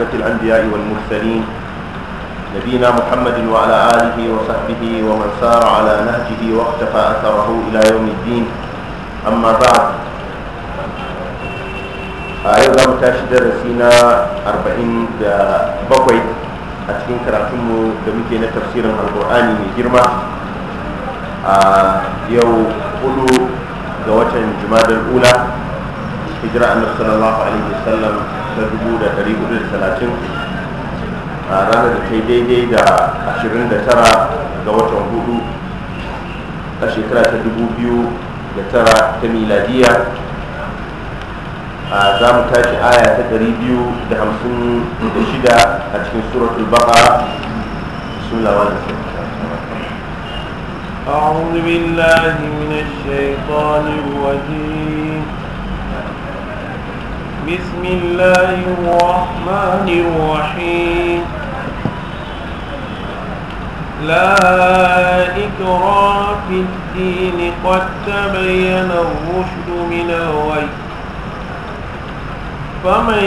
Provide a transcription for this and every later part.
أشرف الأنبياء والمرسلين نبينا محمد وعلى آله وصحبه ومن سار على نهجه واختفى أثره إلى يوم الدين أما بعد أيضا تشد رسينا أربعين بقيت أتكين كراتم دمكينا تفسير القرآن من جرمة آه، يو قلو جواتا جماد الأولى هجرة النبي صلى الله عليه وسلم ta dubu da hudu da talatin a ranar da ta yi daidai da ashirin da tara ga watan hudu a shekara ta dubu biyu da tara ta miladiya a za mu tashi aya ta biyu shida a cikin suratul baqara bismillah wa أعوذ بالله من الشيطان الرجيم بسم الله الرحمن الرحيم لا إكراه في الدين قد تبين الرشد من الغي فمن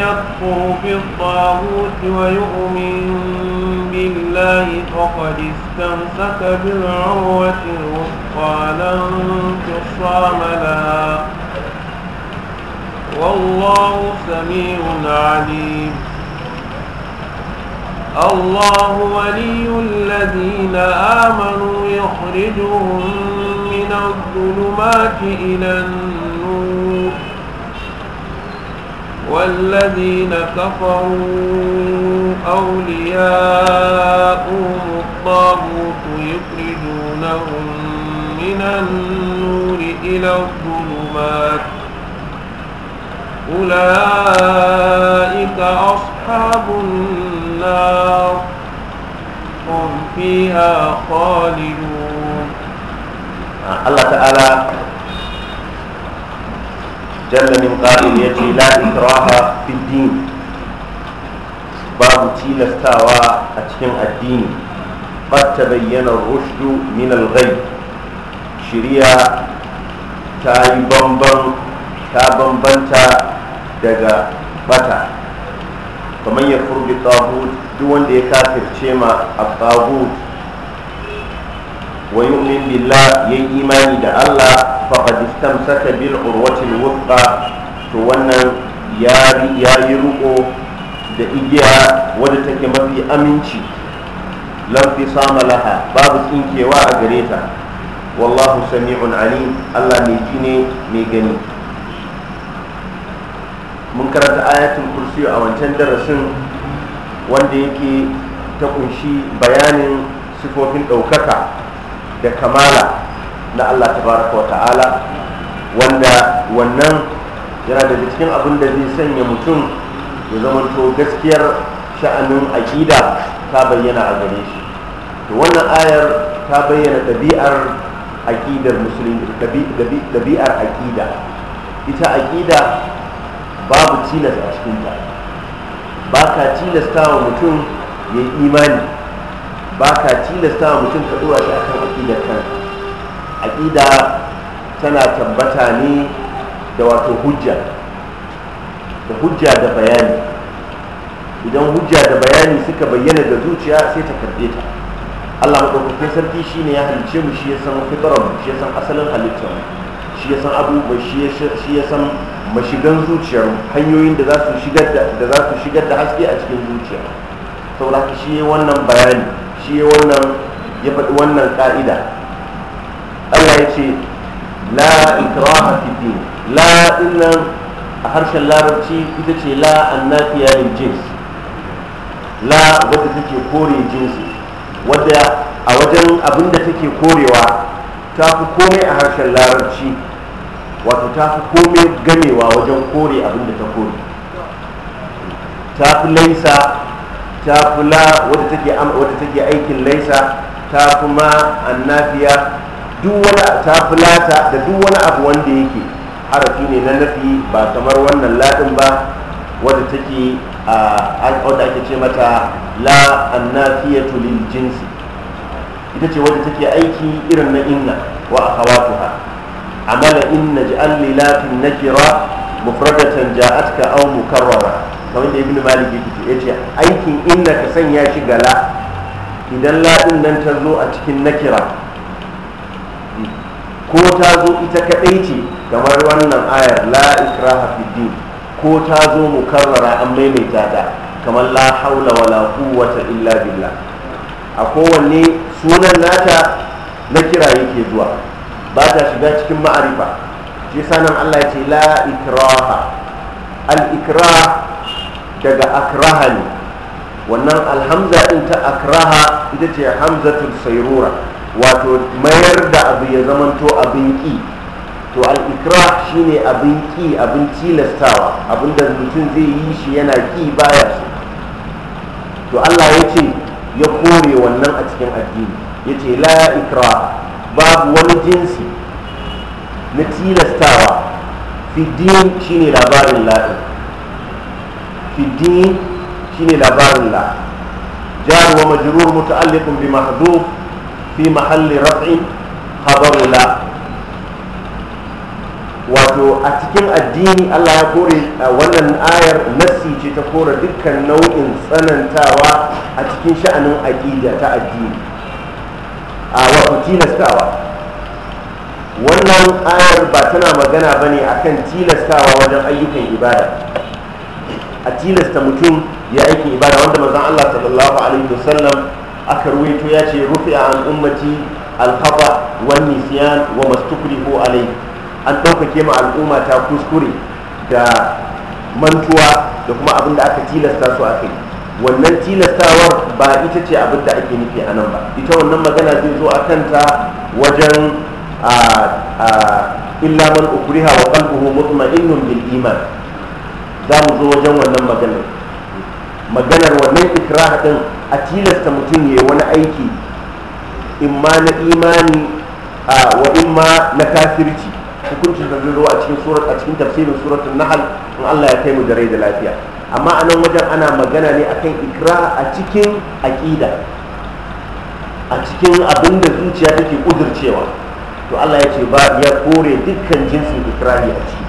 يكفر بالطاغوت ويؤمن بالله فقد استمسك بالعروة الوثقى لا انفصام لها والله سميع عليم الله ولي الذين آمنوا يخرجهم من الظلمات إلى النور والذين كفروا أولياؤهم الطاغوت يخرجونهم من النور إلى الظلمات أولئك أصحاب النار هم فيها خالدون الله تعالى جل من قائل يجي لا إكراه في الدين باب استوى أتكن الدين قد تبين الرشد من الغي شريعة ta yi bambanta daga bata kamar ya furbi tsahud duk wanda ya kafirce ma a tsahud wa yu'min billah ya yi imani da Allah faqad saka bil urwacin wuthqa to wannan ya yi ruko da igiya wadda take mafi aminci lafi sama laha babu tsinkewa a gare ta wallahu sami'un alim Allah mai ji ne mai gani mun karanta ayatul kursi a wancan darasin wanda yake ta kunshi bayanin sifofin ɗaukaka da kamala na allah tabaraka wa ta'ala wanda wannan yana daga cikin abin da zai sanya mutum ya zamanto gaskiyar sha'anin aƙida ta bayyana a gare shi to wannan ayar ta bayyana ɗabi'ar aqidar musulmi ɗabi'ar aƙida ita aƙida babu tilas a cikinta ba ka tilasta wa mutum ya yi imani ba ka tilasta wa mutum ka ɗora shi a kan aƙidar kan aƙida tana tabbata ne da wato hujja da hujja da bayani idan hujja da bayani suka bayyana ga zuciya sai ta karbe ta Allah maɗaukakin sarki shi ne ya halice mu shi ya san fitarar mu shi ya san asalin halittar mu shi ya san abubuwa shi ya san mashigan zuciyar hanyoyin da za su shigar da za su shigar da haske a cikin zuciya saboda haka shi wannan bayani shi wannan ya faɗi wannan ƙa'ida Allah ya ce la ikraha fi din la dinnan a harshen larabci ita ce la annafiya lil jins la wadda take kore jinsi wadda a wajen abinda take korewa ta fi komai a harshen larabci wato ta fi komai gamewa wajen kore abinda ta kore ta fi laisa ta fi la wadda take aikin laisa ta fi ma annafiya nafiya ta fi lata da duk wani abu wanda yake harafi ne na nafi ba kamar wannan latin ba wadda take a wadda ake ce mata la nafiya tulin jinsi ita ce wadda take aiki irin na inna wa hawa عمل إن نجعل للات النكرة مفردة جاءتك أو مكررة kamar da ibn malik ya ce aikin inna ka sanya shi gala idan ladin nan ta zo a cikin nakira ko ta zo ita kadai ce kamar wannan ayar la ikraha fid din ko ta zo mukarrara an maimaita ta kamar la haula wala quwwata illa billah a kowanne sunan nata nakira yake zuwa ba ta shiga cikin ma'arifa shi sanan Allah ya ce la ikraha al daga akraha ne wannan alhamza din ta akraha ita ce hamzatul sayrura wato mayar da abu ya zamanto abin ki to al shine abin ki abin tilastawa abinda mutum zai yi shi yana ki baya so to Allah ya ce ya kore wannan a cikin addini ya ce la ikraha babu wani jinsi na tilastawa fidin shine labarin la'in fidin shine labarin la jar wa majrur muta'alliqun bi mahdhuf fi mahalli raf'in khabaru la wato a cikin addini Allah ya kore wannan ayar nassi ce ta kore dukkan nau'in tsanantawa a cikin sha'anin aqida ta addini a wato tilastawa wannan ayar ba tana magana ba ne a kan tilastawa wajen ayyukan ibada a tilasta mutum ya aikin ibada wanda mazan allah sallallahu alaihi wasallam aka ruwaito ya ce rufe a al'ummati alhaba wani siyan wa mastukuri ko alai an ɗaukake ma al'umma ta kuskure da mantuwa da kuma abin da aka tilasta su a kai wannan tilastawar ba ita ce abin da ake nufi a nan ba ita wannan magana zai zo a kanta wajen illa man ukriha wa qalbuhu mutma'innun bil iman za mu zo wajen wannan maganar maganar wannan ikraha din a tilasta mutum yayi wani aiki imma na imani wa imma na kafirci hukuncin da zai zo a cikin a cikin tafsirin suratul nahl in Allah ya kai mu da rai da lafiya amma a nan wajen ana magana ne akan ikra a cikin aƙida a cikin abin da zuciya take ƙudurcewa to allah ya ce ba ya kore dukkan jinsin ne a ciki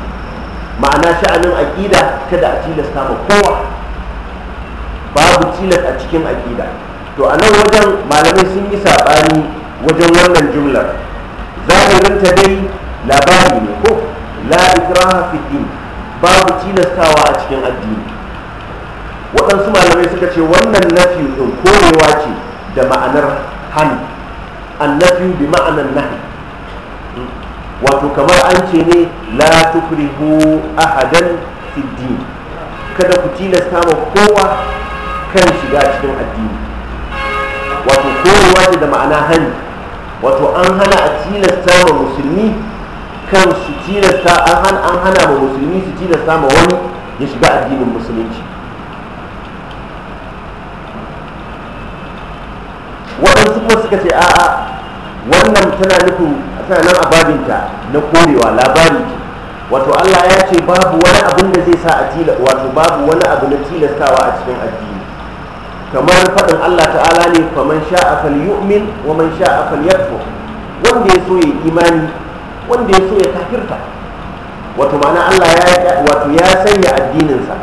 ma'ana sha'anin aƙida kada a tilasta ma kowa babu tilas a cikin aƙida to a nan wajen malamai sun yi saɓani wajen wannan jumlar zahirinta dai labari ne ko la ikraha fi din babu tilastawa a cikin addini waɗansu malamai suka ce wannan nafi ɗin korewa ce da ma'anar hannu annafi bi ma'anar nahi wato kamar an ce ne la tukrihu ahadan fiddin kada ku tilasta ma kowa kan shiga cikin addini wato korewa ce da ma'ana hannu wato an hana a tilasta ma musulmi kan su tilasta an hana ma musulmi su tilasta ma wani ya shiga addinin musulunci waɗansu kuma suka ce a'a wannan tana nufin tana nan a babinta na korewa labari ce wato allah ya ce babu wani abin da zai sa a tila wato babu wani abu na tilastawa a cikin addini kamar faɗin allah ta'ala ne man sha'a fal yu'min wa man sha'a fal yakfur wanda ya so ya imani wanda ya so ya kafirta wato ma'ana allah ya wato ya sanya addininsa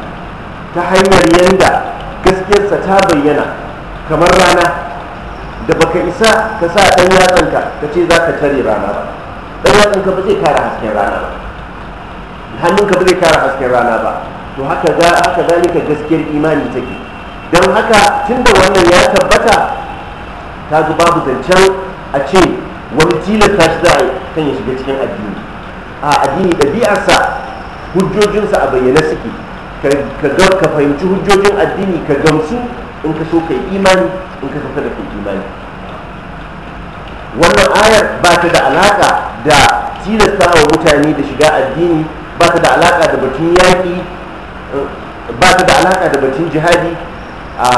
ta hanyar yanda gaskiyarsa ta bayyana kamar rana da baka isa ka sa ɗan yatsanka ka ce za ka tare rana ba ɗan yatsanka ba zai kare hasken rana ba hannunka ba zai kare hasken rana ba to haka za haka zalika gaskiyar imani take don haka tun da wannan ya tabbata ta zu babu zancen a ce wani tilasta shi za a kan ya shiga cikin addini a addini ɗabi'arsa hujjojinsa a bayyane suke ka fahimci hujjojin addini ka gamsu in ka so ka yi imani in ka so da ka imani wannan ayar ba ta da alaƙa da tilasta wa mutane da shiga addini ba ta da alaka da batun yaƙi ba ta da alaƙa da batun jihadi a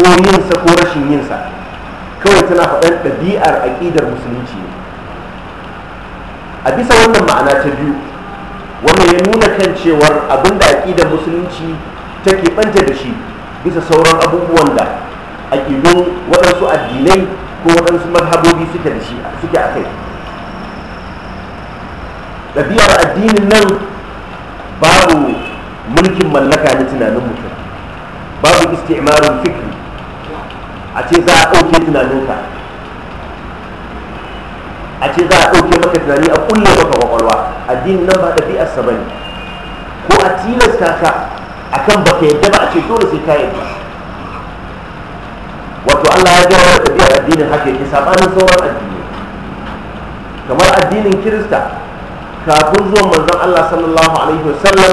ko yinsa ko rashin yinsa kawai tana faɗan ɗabi'ar aƙidar musulunci ne a bisa wannan ma'ana ta biyu wannan ya nuna kan cewar abinda aƙidar musulunci ta keɓanta da shi bisa sauran abubuwan da aƙidun waɗansu addinai ko waɗansu madhabobi suke da shi suke a kai ɗabi'ar addinin nan babu mulkin mallaka na tunanin mutum babu isti'marin fikri a ce za a ɗauke tunaninka a ce za a ɗauke maka tunani a kulle maka kwakwalwa addinin nan ba ɗabi'arsa ba ne ko a tilasta ka akan ka yadda ba a ce dole sai kayan ba wato Allah ya gaya wa tafiyar addinin haka yake sabanin sauran addini kamar addinin Kirista kafin zuwan manzon Allah sallallahu alaihi wasallam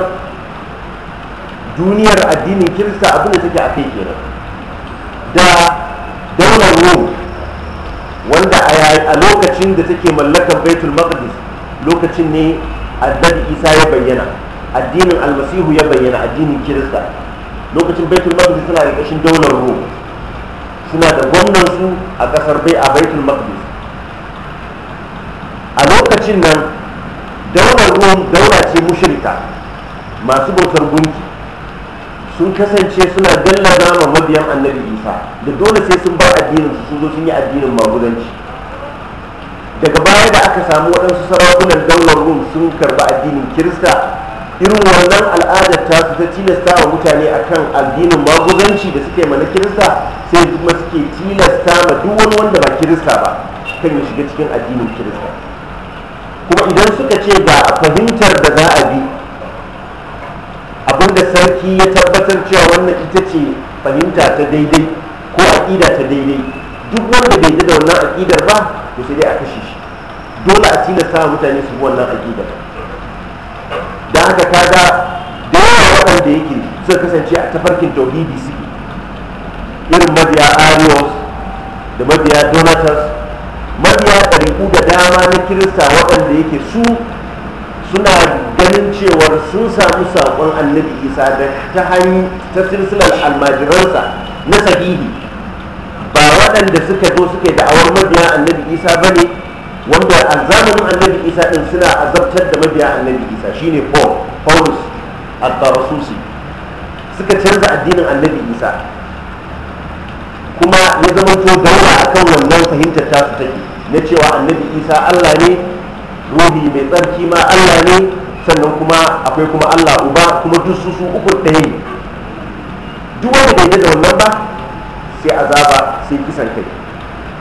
duniyar addinin Kirista abin da take a kai kenan da daular Rome wanda a lokacin da take mallakar Baitul Maqdis lokacin ne annabi Isa ya bayyana addinin almasihu ya bayyana addinin kirista lokacin baitul maqdis suna da kashin daular rom suna da gwamnansu a kasar bai a baitul maqdis a lokacin nan daular rom daura ce mushrika masu bautar gunki sun kasance suna gallaza ma mabiyan annabi isa da dole sai sun bar addinin su zo sun yi addinin magudanci daga baya da aka samu waɗansu sarakunan daular rum sun karɓi addinin kirista irin wannan al'adar ta su ta tilasta wa mutane akan addinin maguzanci da suke mana kirista sai kuma suke tilasta ma duk wani wanda ba kirista ba kan ya shiga cikin addinin kirista kuma idan suka ce ga fahimtar da za a bi abinda sarki ya tabbatar cewa wannan ita ce fahimta ta daidai ko aƙida ta daidai duk wanda bai da wannan aƙidar ba to sai dai a kashe shi dole a tilasta wa mutane su bi wannan aƙidar da haka ka ga da waɗanda yake suka kasance a tafarkin tauhidi suke irin mabiya arios da mabiya donatus mabiya ɗariƙu da dama na kirista waɗanda yake su suna ganin cewar sun samu saƙon annabi isa da ta hanyar ta silsilar almajiransa na sahihi ba waɗanda suka zo suke awar mabiya annabi isa ba ne wanda a zamanin annabi isa ɗin suna azabtar da mabiya annabi isa shine paul paulus a tarasusi suka canza addinin annabi isa kuma ya zama to daura akan wannan fahimtar ta take na cewa annabi isa allah ne ruhi mai tsarki ma allah ne sannan kuma akwai kuma allah uba kuma dususu su su uku ɗaya ne duk wanda bai da wannan ba sai azaba sai kisan kai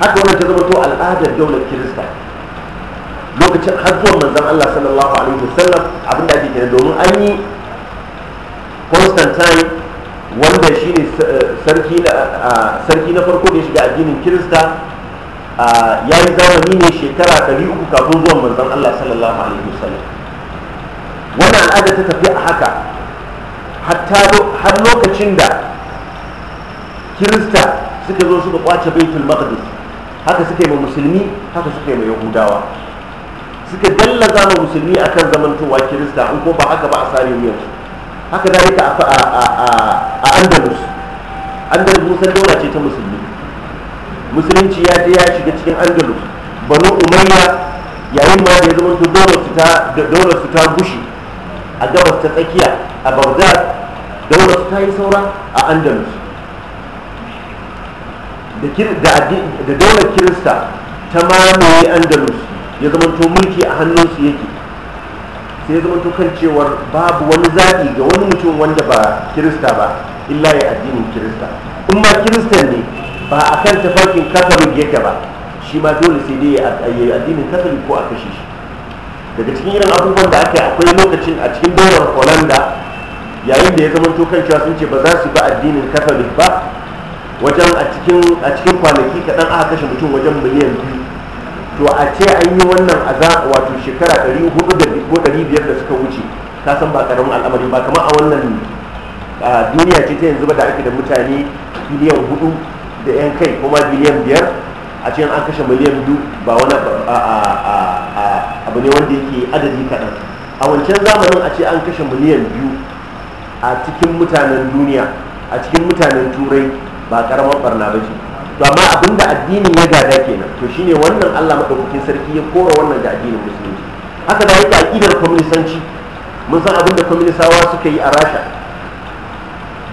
haka wannan ta zama to al'adar daular kirista lokacin har zuwa manzan Allah sallallahu alaihi wasallam abin da ake kira domin an yi Constantine wanda shi ne eh, sarki na farko da ya shiga addinin Kirista ya yi zamani ne shekara uku kafin zuwan manzan Allah sallallahu alaihi wasallam wannan al'ada ta tafi a haka har lokacin da kirista suka zo suka kwace baitul maqdis haka suka yi ma musulmi haka suka yi ma yahudawa suka gallaza ma musulmi akan zamantowa kirista in ko ba haka ba a sare su? haka dalika a andalus andalus musan daura ce ta musulmi musulunci ya je ya shiga cikin andalus banu umayya yayin ma da ya zama daular su ta gushi a gabas ta tsakiya a bagdad daular su ta yi saura a andalus da daular kirista ta mamaye andalus ya to mulki a hannun hannunsu yake sai ya to kan cewar babu wani zaɓi ga wani mutum wanda ba kirista ba illa ya addinin kirista in ma kirista ne ba a kan tafarkin katolik yake ba shi ma dole sai dai ya addinin katolik ko a kashe shi daga cikin irin abubuwan da aka yi akwai lokacin a cikin daular holanda yayin da ya zamanto kan cewa sun ce ba za su bi addinin katolik ba wajen a cikin kwanaki kaɗan aka kashe mutum wajen miliyan biyu to a ce an yi wannan a za wato shekara 400 ko da suka wuce ta san ba karamin al'amari ba kamar a wannan duniya ce ta yanzu ba da ake da mutane biliyan 4 da yan kai kuma biliyan biyar a cikin an kashe miliyan biyu ba wani abu ne wanda yake adadi kaɗan a wancan zamanin a ce an kashe miliyan biyu a cikin mutanen duniya a cikin mutanen turai ba karamar barna ba ce to amma da addinin ya gada kenan to shine wannan Allah madaukakin sarki ya kora wannan da addinin musulunci haka da yake aqidar komunisanci mun san abinda komunisawa suka yi a rasha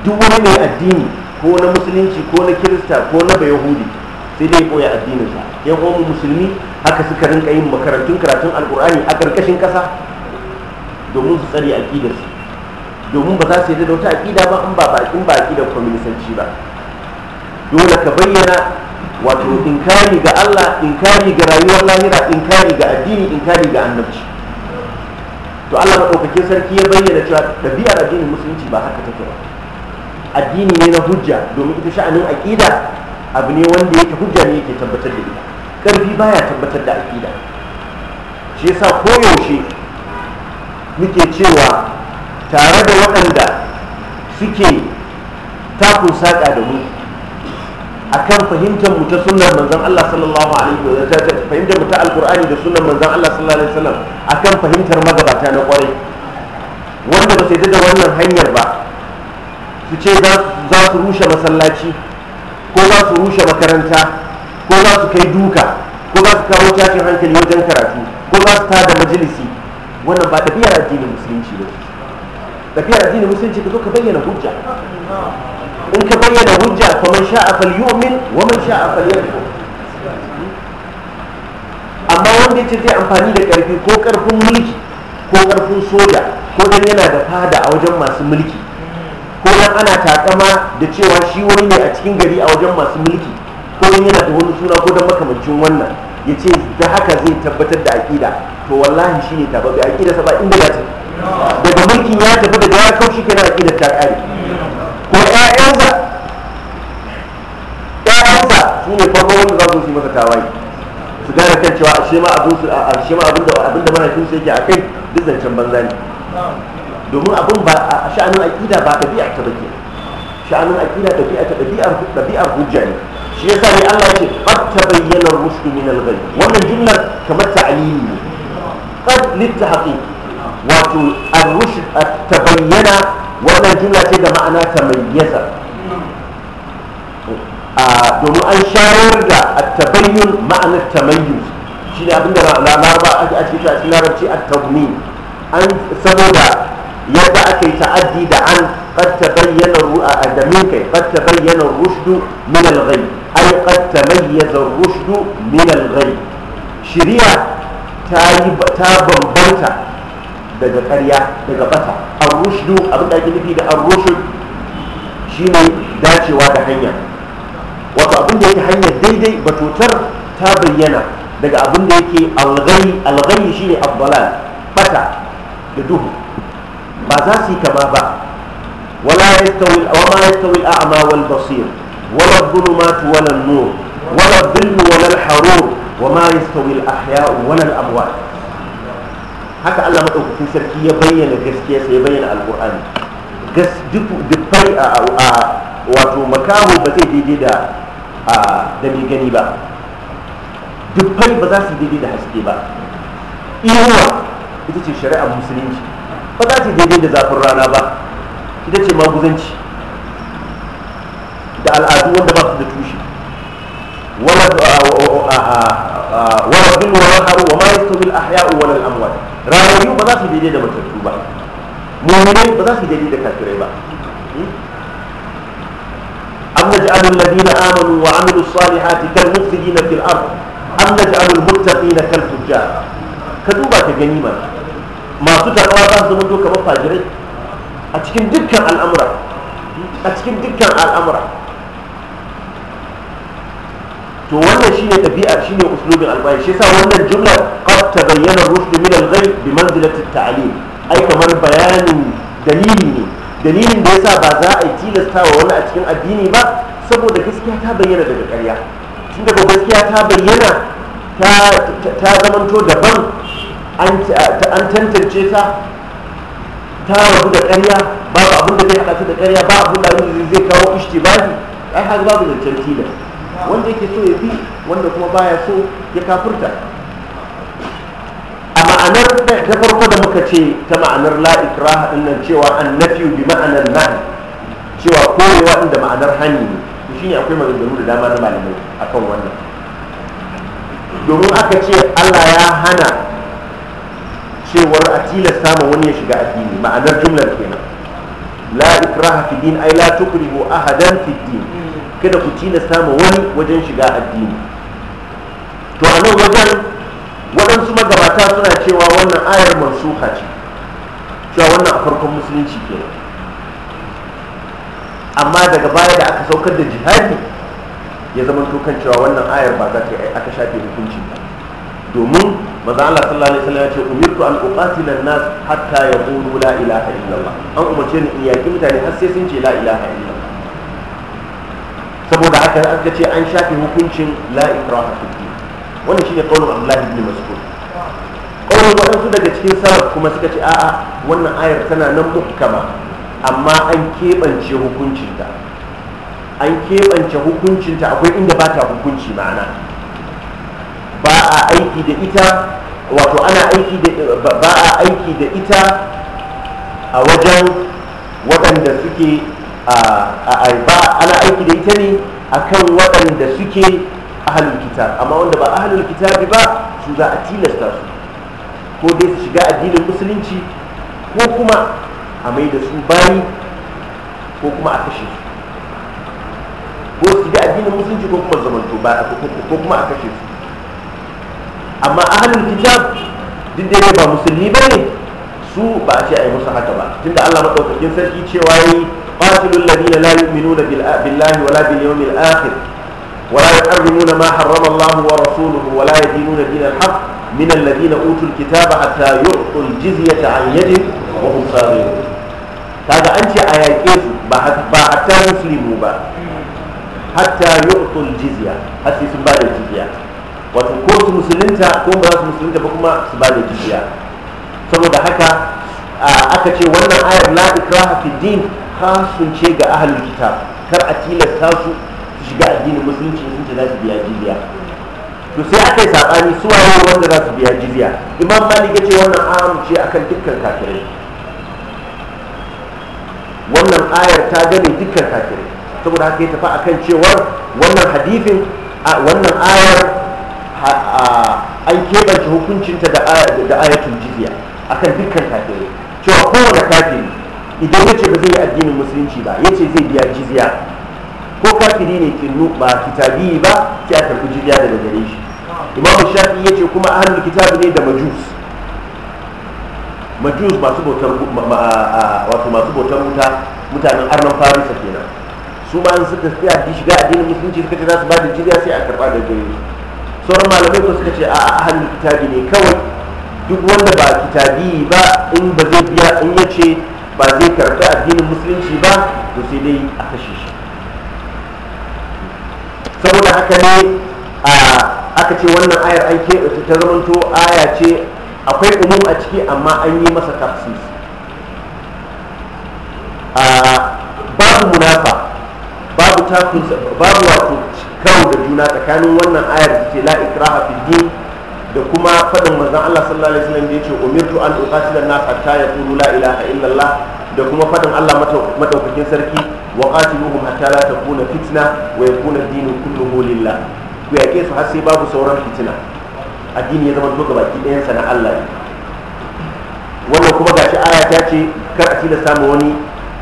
duk wani mai addini ko na musulunci ko na kirista ko na bayahudi sai dai koya addininsa yan mu musulmi haka suka rinka yin makarantun karatun alkur'ani a ƙarƙashin ƙasa domin su tsare su domin ba za su yarda da wata aqida ba in ba ba in ba kwaminisanci ba dole ka bayyana wato inkari ga Allah inkari ga rayuwar lahira inkari ga addini inkari ga annabci to Allah madaukakin sarki ya bayyana cewa ɗabi'ar addinin musulunci ba haka take ba addini ne na hujja domin ita sha'anin aƙida abu ne wanda yake hujja ne yake tabbatar da ita ƙarfi baya tabbatar da aƙida shi yasa koyaushe muke cewa tare da waɗanda suke takun saƙa da mu akan fahimtar mu ta sunnar manzon Allah sallallahu alaihi wa sallam fahimtar mu ta alqur'ani da sunnar manzon Allah sallallahu alaihi wa sallam akan fahimtar magabata na kwarai wanda ba su yi da wannan hanyar ba su ce za su rushe masallaci ko za su rushe makaranta ko za su kai duka ko za su kawo tashin hankali wajen karatu ko za su tada majalisi wannan ba tafiyar addinin musulunci ba tafiyar addinin musulunci ka zo ka bayyana hujja in ka bayyana hujja fa man sha'a yu'min wa man sha'a yakfur amma wanda yace zai amfani da karfi ko karfin mulki ko karfin soja ko dan yana da fada a wajen masu mulki ko dan ana takama da cewa shi wani ne a cikin gari a wajen masu mulki ko dan yana da wani suna ko dan makamancin wannan ya ce da haka zai tabbatar da aqida to wallahi shine tabbabi aqida sa ba inda ya ce. daga mulkin ya tafi daga ya kaushi kenan aƙidar ta kare su ne farko wanda za su yi masa tawaye su gane kan cewa a shema abin da mahaifinsu yake a kai duk zancen banza ne domin abin ba a sha'anin aƙida ba ɗabi'a ta bake sha'anin aƙida ɗabi'a ta ɗabi'ar hujja ne shi yasa ne Allah ce qad tabayyana ar-rushd min al-ghayb wannan jumlar kamar ta'lili ne qad litahqiq wato ar-rushd bayyana wannan jumla ce da ma'ana ta tamayyaza domin an shayar da attabayyun ma'anar tamayyuz shi ne abinda laraba ake a cewa cikin larabci attabni an saboda yadda aka yi ta'addi da an qad tabayyana da min kai qad tabayyana rushdu min al-ghay ay qad tamayyaza rushdu min al-ghay shari'a ta yi ta bambanta daga ƙarya daga bata ar-rushdu abin da ake nufi da ar-rushd shine dacewa da hanya wato abin da yake hanyar daidai ba tutar ta bayyana daga abin da yake algayi algayi ne abdalal bata da duhu ba za su yi kama ba wala yastawi wa ma yastawi ama wal basir wala dhulumatu wala nur wala dhillu wala al-harur wa ma yastawi al-ahya'u wala al-amwat haka Allah madaukakin sarki ya bayyana gaskiya sai ya bayyana alqur'ani gas duk duk a wato makaho ba zai daidai da a gani gani ba dubbai ba za su daidai da haske ba inuwa ita ce shari'ar musulunci ba za su daidai da zafin rana ba ita ce maguzanci da al'adu wanda ba su da tushe wala bin wala haru wa ma yastawi al ahya'u wala al amwat yau ba za su daidai da matattu ba mu'minai ba za su daidai da kafirai ba أم نجعل الذين آمنوا وعملوا الصالحات كالمفسدين في الأرض أم نجعل المتقين كالفجار كذوبة جنيمة ما تتقوى بعض منذ كما فاجرين أتكن دكا الأمر أتكن دكا الأمر to wannan shine tabi'ar shine uslubin albayi shi yasa wannan jumla qad tabayyana rushd min al-ghayb bi manzilati at-ta'lim ai kamar bayanin dalili ne dalilin da ya sa ba za a yi tilasta wa wani a cikin addini ba saboda gaskiya ta bayyana daga karya tun daga gaskiya ta bayyana ta zamanto daban an tantance ta ta rabu da ƙarya babu abin da zai haɗa da karya ba abin da zai kawo ba ne ai har babu zancen tilas wanda yake so ya fi wanda kuma baya so ya kafurta ma'anar ta farko da muka ce ta ma'anar la ikraha cewa an nafiyu bi ma'anar nahi cewa korewa inda ma'anar hannu ne shi ne akwai maganganu da dama na malamai akan wannan domin aka ce Allah ya hana cewar a tilasta ma wani ya shiga addini ma'anar jumlar kenan la ikraha fi din ai la tukrihu ahadan fi din kada ku tilasta ma wani wajen shiga addini to a nan wajen magabata suna cewa wannan ayar mansuha ce cewa wannan a farkon musulunci ke amma daga baya da aka saukar da jihadi ya zama kan cewa wannan ayar ba za ta yi aka shafe hukuncin ba domin maza Allah sallallahu alaihi wasallam ya ce umirtu an uqatila an-nas hatta yaqulu la ilaha illallah an umarce ni in yaki mutane har sai sun ce la ilaha illallah saboda haka aka ce an shafe hukuncin la ikraha fi din wannan shine qaulun Abdullah ibn Mas'ud kawai eh, waɗansu daga cikin sarar kuma suka ce a'a wannan ayar tana nan muhkama amma an keɓance hukuncinta an keɓance hukuncinta akwai inda ba ta hukunci ma'ana ba a aiki da ita wato ana aiki da ba a aiki da ita a wajen waɗanda suke ba ana aiki da ita ne akan waɗanda suke ahalul kitab amma wanda ba ahalul kitabi ba su za a tilasta su ko dai su shiga addinin musulunci ko kuma a mai da su bayi ko kuma a kashe su ko su shiga addinin musulunci ko kuma zamanto ba ko kuma a kashe su amma ahlul kitab duk da ba musulmi ba ne su ba a ce a yi musu haka ba tunda Allah maɗaukakin sarki cewa ya yi qatilul ladina la yu'minuna billahi wala bil yawmil akhir ولا يحرمون ما حرم الله ورسوله ولا يدينون دين الحق من الذين أوتوا الكتاب حتى يعطوا الجزية عن يد وهم صاغرون هذا أنت آيات حتى يسلموا با حتى يعطوا الجزية حتى سبال الجزية وتكون مسلمتا كون براس مسلمتا بكما سبال الجزية سبب حكا aka ce wannan ayar la ikraha fi din khasun ce ga ahlul kitab kar a tilasta su shiga addinin musulunci sun ce za su biya jizya to sai aka yi saɓani suwaye wanda za su biya jiziya? imam malik ya ce wannan amince akan dukkan kafirai wannan ayar ta gane dukkan kafirai saboda haka ya tafi akan cewar wannan hadifin wannan ayar an keɓance hukuncinta da ayatul a akan dukkan kafirai cewa kowane kafiri idan ya ce ba zai yi addinin musulunci ba ya ce zai biya jiziya ko kafiri ne kinnu ba kitabi ba sai a karɓi jiziya daga gare shi imamu shafi ya ce kuma ahalul kitab ne da majus majus masu bautar wato masu bautar wuta mutanen arnan farisa kenan su ma suka tsaya da shiga addinin musulunci suka ce za su ba da jiriya sai a karba da gare sauran malamai ko suka ce a ahalul kitabi ne kawai duk wanda ba kitabi ba in ba zai biya in ya ce ba zai karbi addinin musulunci ba to sai dai a kashe shi saboda haka ne aka ce wannan ayar an keɓe ta zamanto aya ce akwai umum a ciki amma an yi masa tafsis babu munafa babu babu wato kawo da juna tsakanin wannan ayar da ce la ikraha da kuma faɗin mazan Allah sallallahu alaihi wasallam da yace umirtu an da an-nas hatta yaqulu la ilaha illallah da kuma faɗin Allah madaukakin sarki wa qatiluhum hatta la kuna fitna wa ya kuna kullum kulluhu lillah ku yaƙe su har sai babu sauran fitina addini ya zama duka baki ɗayansa na Allah ne wannan kuma shi aya ta ce kar a tilasta samu wani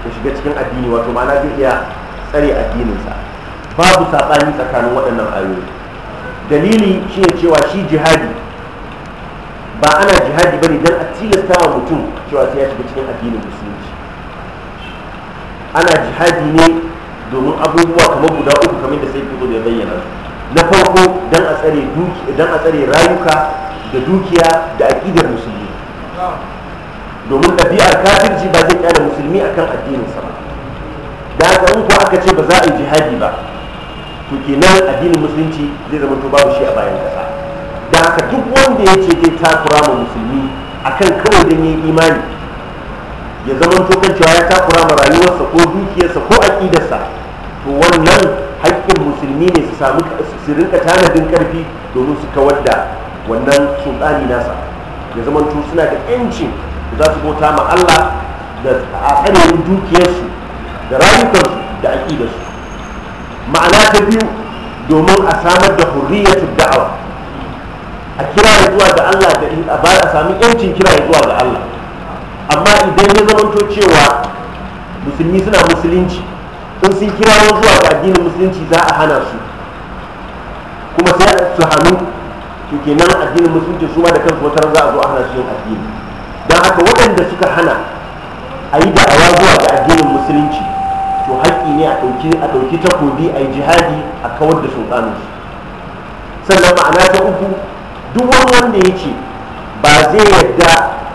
ya shiga cikin addini wato ma'ana zai iya tsare addininsa babu saɓani tsakanin waɗannan ayoyi dalili shi ne cewa shi jihadi ba ana jihadi bane don a tilasta wa mutum cewa sai ya shiga cikin addinin musulunci ana jihadi ne domin abubuwa kamar guda uku kamar da sai fito da bayyana su na farko don a tsare rayuka da dukiya da aƙidar musulmi domin ɗabi'ar kafirci ba zai kyale musulmi akan addininsa ba da haka in kuwa aka ce ba za a yi jihadi ba to kenan addinin musulunci zai zama to babu shi a bayan ƙasa da haka duk wanda ya ce zai takura ma musulmi akan kawai don yin imani ya zama to kan cewa ya takura ma rayuwarsa ko dukiyarsa ko aƙidarsa to wannan haƙƙin musulmi ne su samu su rinka tanadin ƙarfi domin su kawar da wannan sultani nasa ya zamanto suna da yancin da za su bauta ma Allah da a tsananin dukiyarsu da rayukansu da aƙidarsu ma'ana ta biyu domin a samar da hurriyatu da'awa a kira zuwa ga Allah da in a a sami yancin kira zuwa ga Allah amma idan ya zamanto cewa musulmi suna musulunci in sun kirawo zuwa ga addinin musulunci za a hana su kuma sai a su hannu to kenan addinin musulunci su ma da kansu wata za a zo a hana su yin addini don haka waɗanda suka hana a yi da'awa zuwa ga addinin musulunci to haƙƙi ne a ɗauki takobi a yi jihadi a kawar da sultanus sannan ma'ana ta uku duk wani wanda ya ce ba zai yarda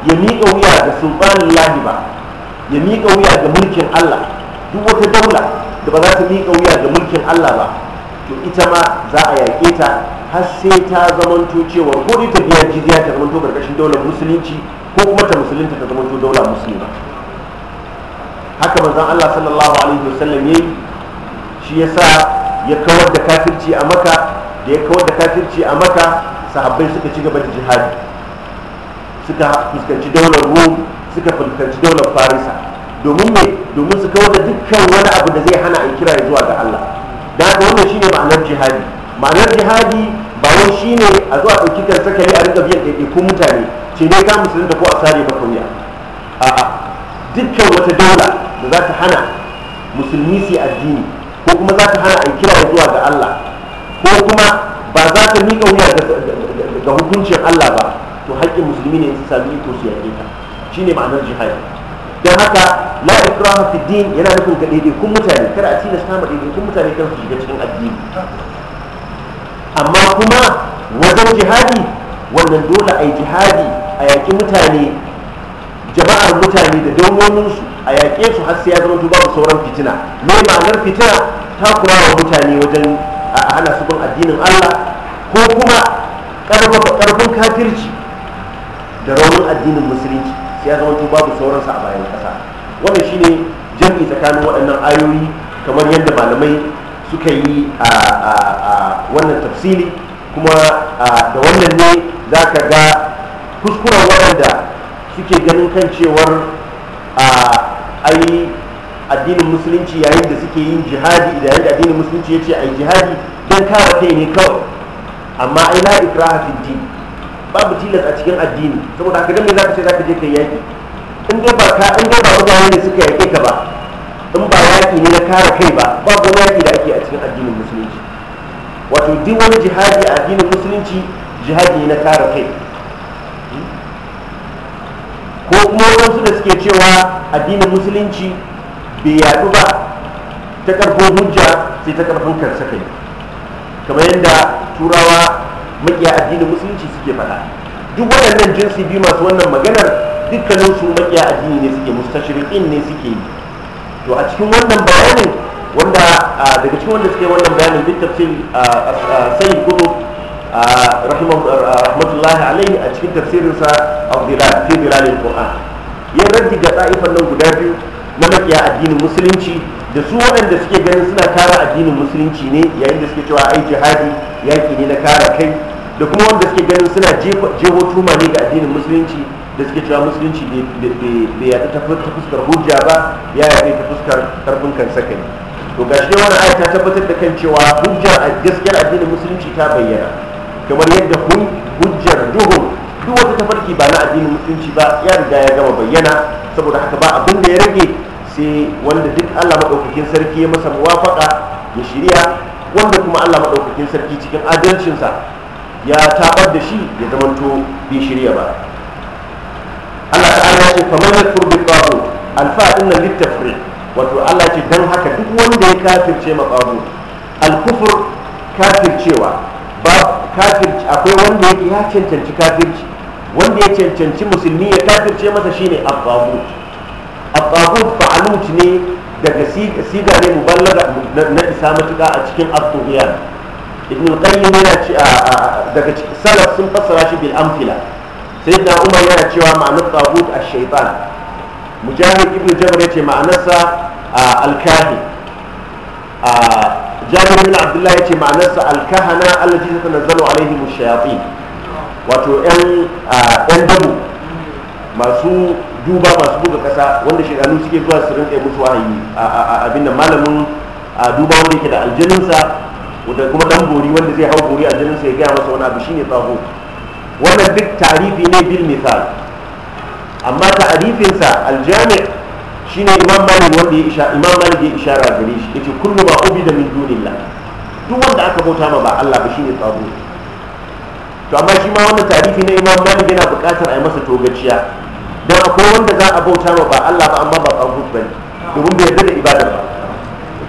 ya miƙa wuya ga sultanin lahi ba ya miƙa wuya ga mulkin allah duk wata daula da ba za ta miƙa wuya ga mulkin Allah ba to ita ma za a yaƙe ta har sai ta zamanto cewa ko dai ta biya jizya ta zamanto karkashin daular musulunci ko kuma ta musulunta ta zamanto daular musulma haka manzon Allah sallallahu alaihi wasallam yayi shi yasa ya kawar da kafirci a maka da ya kawar da kafirci a maka sahabbai suka ci gaba da jihadi suka fuskanci daular rum suka fuskanci daular farisa domin ne domin su kawo da dukkan wani abu da zai hana a kira zuwa ga Allah da haka wannan shine ma'anar jihadi ma'anar jihadi ba wai shine a zuwa ɗauki kan sakali a rika biyan ɗaiɗaikun mutane ce dai ka musulunta ko a sare ba kunya a'a dukkan wata daula da za ta hana musulmi su addini ko kuma za ta hana a kira zuwa ga Allah ko kuma ba za ta miƙa wuya ga hukuncin Allah ba to haƙƙin musulmi ne su sami iko su yaƙe ta shine ma'anar jihadi don haka la ikraha fi din yana nufin ka kun mutane kada a tilasta daidai kun mutane kan shiga cikin addini amma kuma wajen jihadi wannan dole a yi jihadi a yaƙi mutane jama'ar mutane da dangoninsu a yaƙe su har sai ya zama babu sauran fitina me ma'anar fitina ta kura wa mutane wajen a hana su bin addinin allah ko kuma ƙarfin kafirci da raunin addinin musulunci shi ya zama babu sauransa a bayan ƙasa wannan shine jami'i tsakanin waɗannan ayoyi kamar yadda malamai suka yi a wannan tafsiri kuma da wannan ne za ka ga kuskuren waɗanda suke ganin kan cewar a addinin musulunci yayin da suke yin jihadi idan yadda addinin musulunci ya ce a yi jihadi don kare kai ne kawai amma ai la ikraha fi din babu tilas a cikin addini saboda haka dan ne zaka ce zaka je kai yaki in dai ba ka in dai ba mutane ne suka yake ka ba in ba yaki ne na kare kai ba babu yaki da ake a cikin addinin musulunci wato duk wani jihadi a addinin musulunci jihadi ne na kare kai ko kuma wasu da suke cewa addinin musulunci bai yadu ba ta karfin hujja sai ta karfin karsa kai kamar yadda turawa makiya addinin musulunci suke faɗa duk waɗannan jinsi biyu masu wannan maganar dukkanin su makiya addini ne suke mustashriqin ne suke yi to a cikin wannan bayanin wanda daga cikin wanda suke wannan bayanin duk tafsir gudu kutub rahmatullahi alaihi a cikin tafsirinsa a fi dilalil qur'an ya raddi ga tsa'ifan nan guda biyu na makiya addinin musulunci da su waɗanda suke ganin suna kara addinin musulunci ne yayin da suke cewa ai jihadi yaƙi ne na kara kai da kuma wanda suke ganin suna jeho tuma ne ga addinin musulunci da suke cewa musulunci bai yaɗu ta fuskar hujja ba ya yaɗu ta fuskar karfin kan sakani to ga shi wani aya ta tabbatar da kan cewa hujjar gaskiyar addinin musulunci ta bayyana kamar yadda hujjar duhu duk wata tafarki ba na addinin musulunci ba ya riga ya gama bayyana saboda haka ba abin da ya rage sai wanda duk allah maɗaukakin sarki ya masa muwafaƙa ya shirya wanda kuma allah maɗaukakin sarki cikin adalcinsa ya tabar da shi ya zamanto bi shirya ba Allah ta'ala ya ce faman yakfur bi alfa inna littafri wato Allah ce dan haka duk wanda ya kafirce ma babu al kafircewa ba kafirci akwai wanda yake ya cancanci kafirci wanda ya cancanci musulmi ya kafirce masa shine al-tagut fa'alut ne daga siga ne muballaga na isa matuka a cikin al ibn qayyim yana ci daga cikin salaf sun fassara shi bil amfila sayyidina umar yana cewa ma'anar tagut a shaitan. mujahid ibn jabr yace ma'anarsa al-kahin jabir bin abdullah yace ma'anarsa al-kahana allati tatanazzalu alaihim ash wato yan yan dabu masu duba masu buga kasa wanda shekaru suke zuwa su rinka musu wahayi abin da malamin duba wanda yake da aljaninsa wanda kuma dan bori wanda zai hau bori a jinin sai gaya masa wani abu shine taho wannan duk tarifi ne bil misal amma ta'arifinsa aljami shine imam malik wanda ya isha imam malik ya ishara gare shi yace kullu ma ubida min dunillah duk wanda aka bauta ma ba Allah ba shine taho to amma shi ma wannan tarifi ne imam malik yana buƙatar a yi masa togaciya dan akwai wanda za a bauta ma ba Allah ba amma ba tsaho bane domin bai yarda da ibada ba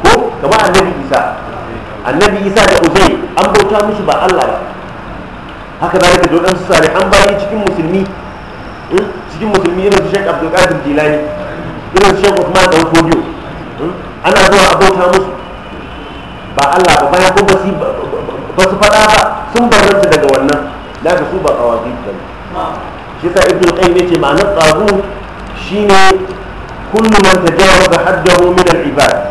ko kamar annabi isa annabi isa da uzai an bauta musu ba allah ba haka zalika da waɗansu salihan bayi cikin musulmi hmm, cikin musulmi irin su Abdul qadir jilani irin su shek usman dan fodiyo hmm, ana zuwa a bauta musu ba allah ba bayan ko ba su faɗa ba sun barranta daga wannan da su ba kawazi ba shi sa ibnu qayyim yace ma'anar tsaru shine kullu man tajawaza haddahu min al-ibad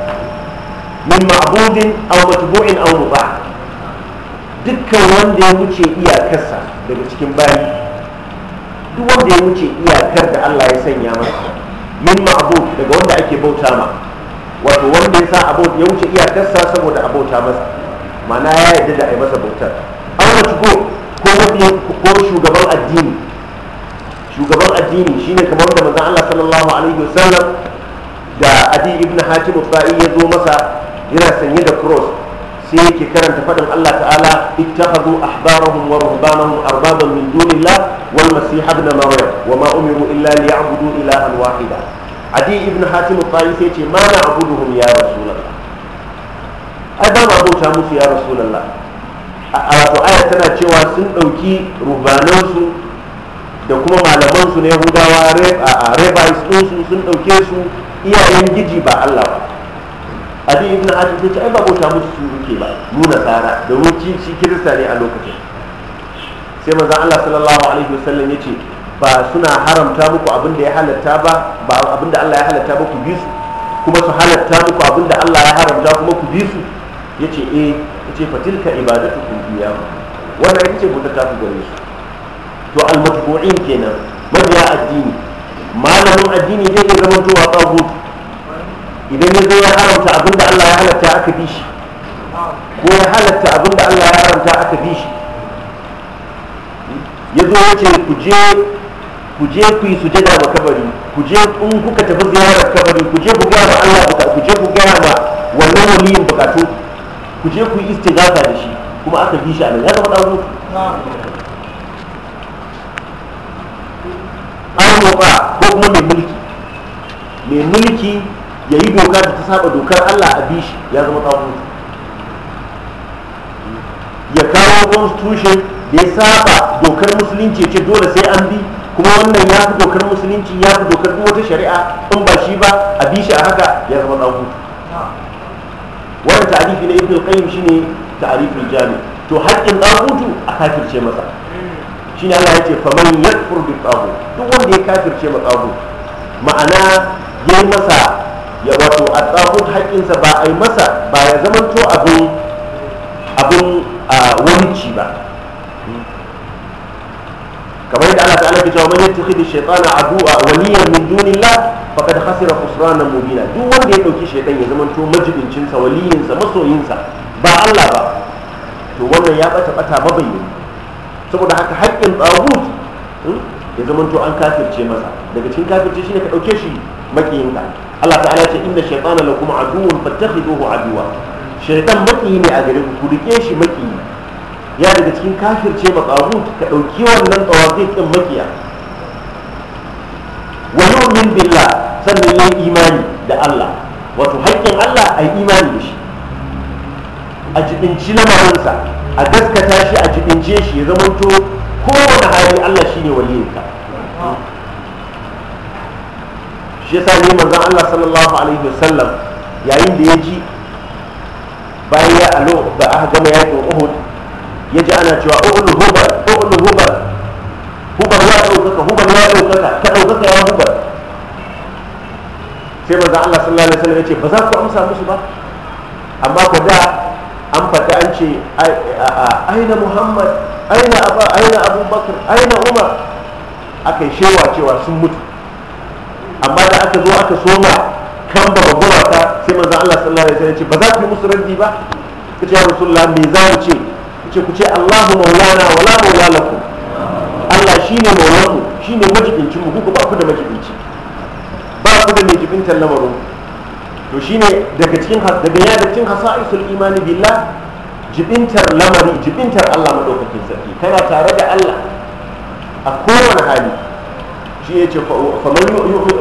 min ma'budin aw matbu'in aw muba dukkan wanda ya wuce iyakarsa daga cikin bayi duk wanda ya wuce iyakar da Allah ya sanya masa min ma'bud daga wanda ake bauta ma wato wanda ya sa abot ya wuce iyakarsa saboda abota masa ma'ana ya yarda da ai masa bautar aw matbu ko ko shugaban addini shugaban addini shine kamar da manzon Allah sallallahu alaihi wasallam da adi ibn hatim fa'i ya zo masa yana sanye da cross sai yake karanta faɗin Allah ta'ala ittakhadhu ahbarahum wa ruhbanahum arbaban min dunillah wal masih ibn maryam wa ma umiru illa liya'budu ilahan wahida adi ibn hatim al-qali sai ce ma na'buduhum ya rasulullah ai ba ma bauta musu ya rasulullah a wato aya tana cewa sun dauki rubanansu da kuma malamansu na yahudawa a rabbis ɗinsu sun dauke su iyayen giji ba Allah ba adi ibn hajji ta ai ba bauta musu su yake ba nuna tsara domin ci shi kirista ne a lokacin sai manzo Allah sallallahu alaihi wasallam ya ce ba suna haramta muku abin da ya halatta ba ba abin da Allah ya halatta ba ku bi su kuma su halatta muku abin da Allah ya haramta kuma ku bi su yace eh yace fatilka ibadatukum biya wannan ita ce ta ku gare su to al-matbu'in kenan mabiya addini malamin addini zai iya zama to wa idan ya zo ya haramta abin da Allah ya halatta aka bi shi ko ya halatta abin da Allah ya haramta aka bi shi ya zo ya ce ku je ku je ku yi sujada wa kabari ku je in kuka tafi ziyarar kabari ku je ku gaya ma Allah buka ku je ku gaya ma wannan waliyin bukatu ku je ku yi istighatha da shi kuma aka bi shi a nan ya zama dawo an ko kuma mai mulki mai mulki ya yi doka da ta saba dokar Allah a bishi ya zama kawon ya kawo constitution da ya saba dokar musulunci ce dole sai an bi kuma wannan ya fi dokar musulunci ya fi dokar duk wata shari'a in ba shi ba a bishi a haka ya zama kawon wannan ta'arifi na ibn qayyim shine ta'arifin jami to haƙƙin ɗagutu a kafirce masa shine Allah ya ce fa faman yakfur bi duk wanda ya kafirce ma ɗagutu ma'ana yayi masa ya wato a tsakun haƙƙinsa ba a yi masa ba ya zamanto abin abin wurici ba kamar yadda Allah ta'ala ke cewa man yattakhidhi shaytana adu'a waliyan min dunillah faqad khasira khusrana mubina duk wanda ya ɗauki shaytan ya zamanto majibincin sa waliyin masoyinsa ba Allah ba to wannan ya bata bata mabayyani saboda haka haƙƙin tsagut hmm, ya zamanto an kafirce masa daga cikin kafirce ne ka ɗauke shi ka. Allah ta'ala ce inna shaytana lakum aduwwun fattakhiduhu aduwa shaytan maki ne a gare ku ku rike shi makiyi ya daga cikin kafirce maqabut ka dauki wannan tawafi ɗin makiya wa yu'min billah sannan yayi imani da Allah wato haƙƙin Allah ai imani da shi a jibinci lamarinsa a gaskata shi a jibince shi ya zamanto kowane hali Allah shine waliyinka shi yasa ne manzon Allah sallallahu alaihi wasallam yayin da ya ji bayan ya alo ba aka gama yakin Uhud ya ji ana cewa Uhud Hubar Uhud Hubar Hubar ya ɗaukaka Hubar ya ɗaukaka ta ɗaukaka ya Hubar sai manzon Allah sallallahu alaihi wasallam ya ce ba za ku amsa musu ba amma ku da an faɗi an ce aina Muhammad aina Abubakar aina Umar aka yi shewa cewa sun mutu amma da aka zo aka soma kan ba gurata sai manzon Allah sallallahu alaihi wasallam ya ce ba za ku yi musu raddi ba kace ya rasulullah me za mu ce kace ku ce Allahu maulana wala maula lakum Allah shine maulanku shine majibincin mu ku ba ku da majibinci ba ku da majibintan lamarin to shine daga cikin daga yada cikin hasa'isul imani billah jibintar lamari jibintar Allah madaukakin sarki kana tare da Allah a kowane hali shi ya ce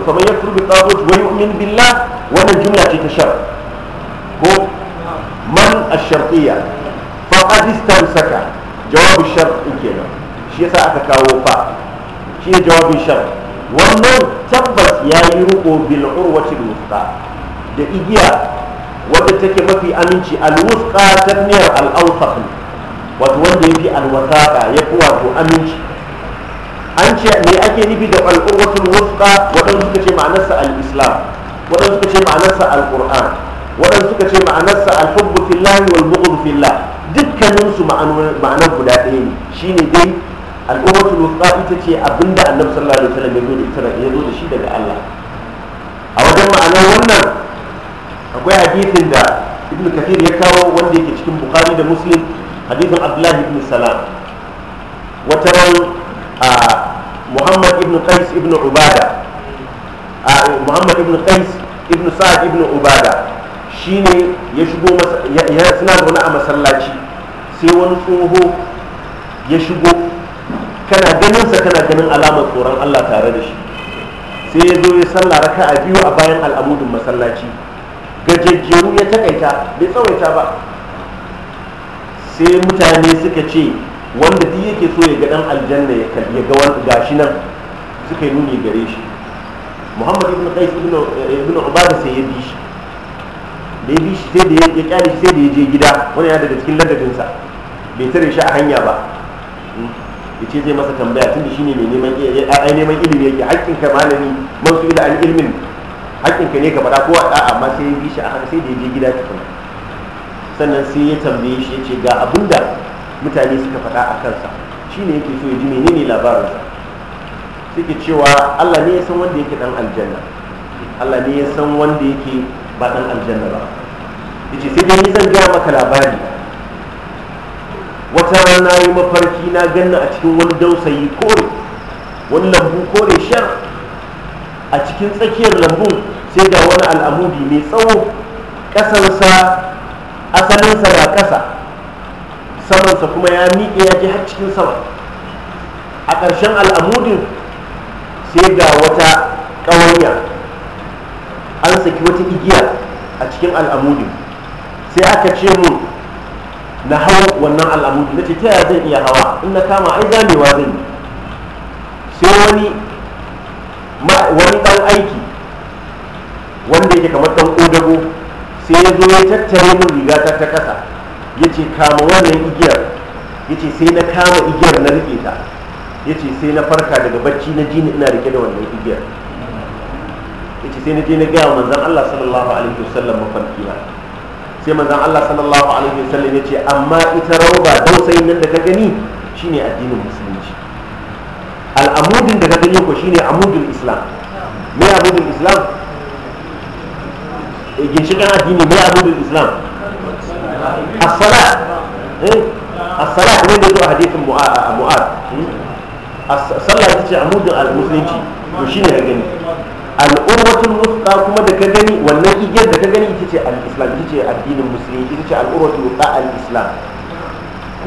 kamar ya furbi tsagot wani umin billah wannan jumla ce ta shar ko man a shartiya fa adistan saka jawabin shar ɗin kenan shi yasa aka kawo fa shi ne jawabin shar wannan tabbas ya yi riko bil urwatil wusta da igiya wadda take mafi aminci alwusqa ta niyar al wato wanda yafi alwasaqa yafi wato aminci an ce me ake nufi da al'urwatul wuthqa wadanda suka ce ma'anarsa al-islam wadanda suka ce ma'anarsa al-qur'an wadanda suka ce ma'anarsa al-hubbu fillah wal bughd fillah dukkanin su ma'anar guda ɗaya ne shine dai al'urwatul wuthqa ita ce abinda annabi sallallahu alaihi wasallam ya zo da ita ya zo da shi daga Allah a wajen ma'anar wannan akwai hadisin da ibn kathir ya kawo wanda yake cikin bukhari da muslim hadisin abdullahi ibn salam wata ran a muhammad ibn qais ibn ubada muhammad ibn qais ibn sa'ad ibn ubada shine ya shigo ya suna zaune a masallaci sai wani tsoho ya shigo kana ganin sa kana ganin alamar tsoron Allah tare da shi sai ya zo ya salla a biyu a bayan al'amudin masallaci gajejjeru ya takaita bai tsawaita ba sai mutane suka ce wanda duk yake so ya ga dan aljanna ya kalli ya ga wani gashi nan suka yi nuni gare shi muhammad ibn qais ibn ibn ubada sai ya bi shi da ya bi shi sai da ya kyale shi sai da ya je gida wani ya daga cikin ladabin sa bai tare shi a hanya ba ya ce zai masa tambaya tun da shine mai neman ai neman ilimi yake haƙƙin ka malami masu ila an ilmin haƙƙin ka ne ka faɗa ko a amma sai ya bi shi a hanya sai da ya je gida tukuna sannan sai ya tambaye shi ya ce ga abinda mutane suka faɗa a kansa shi ne yake so ya ji menene labarinsa suke cewa allah ne ya san wanda yake dan aljanna allah ne ya san wanda yake ba dan aljanna ba yace sai dai zan gaya maka labari wata rana yi mafarki na ganna a cikin wani dausayi kore wani lambu kore shar a cikin tsakiyar lambun sai ga wani al'amudi mai tsawo ƙasarsa asalinsa ga ƙasa samansa kuma ya miƙe ya ji har cikin sama a ƙarshen al'amudin sai ga wata ƙawanya an saki wata igiya a cikin al'amudin sai aka ce mu na hau wannan al'amudin na ce ta yaya zan iya hawa in na kama ai zamewa zan sai wani wani ɗan aiki wanda yake kamar ɗan ƙodago sai ya zo ya tattare min rigata ta ƙasa ya ce kama wannan igiyar ya ce sai na kama igiyar na riƙe ta ya ce sai na farka daga bacci na jini ina rike da wannan igiyar ya ce sai na je na gaya manzan Allah sallallahu alaihi wasallam mafarkina sai manzan Allah sallallahu alaihi wasallam ya ce amma ita rauba dausayin nan da ka gani shine addinin musulunci al'amudin da ka gani ko shine amudul islam me amudul islam eh, ginshiƙin addini me amudul islam A salat as-salat eh? kuma da zo a hadisin hmm? sallah ita ce amudin al-musulunci to shine ka gani al'urwatul wuthqa kuma da ka gani wannan igiyar da ka gani ita ce al-islam ce addinin musulunci ita ce al'urwatul wuthqa al-islam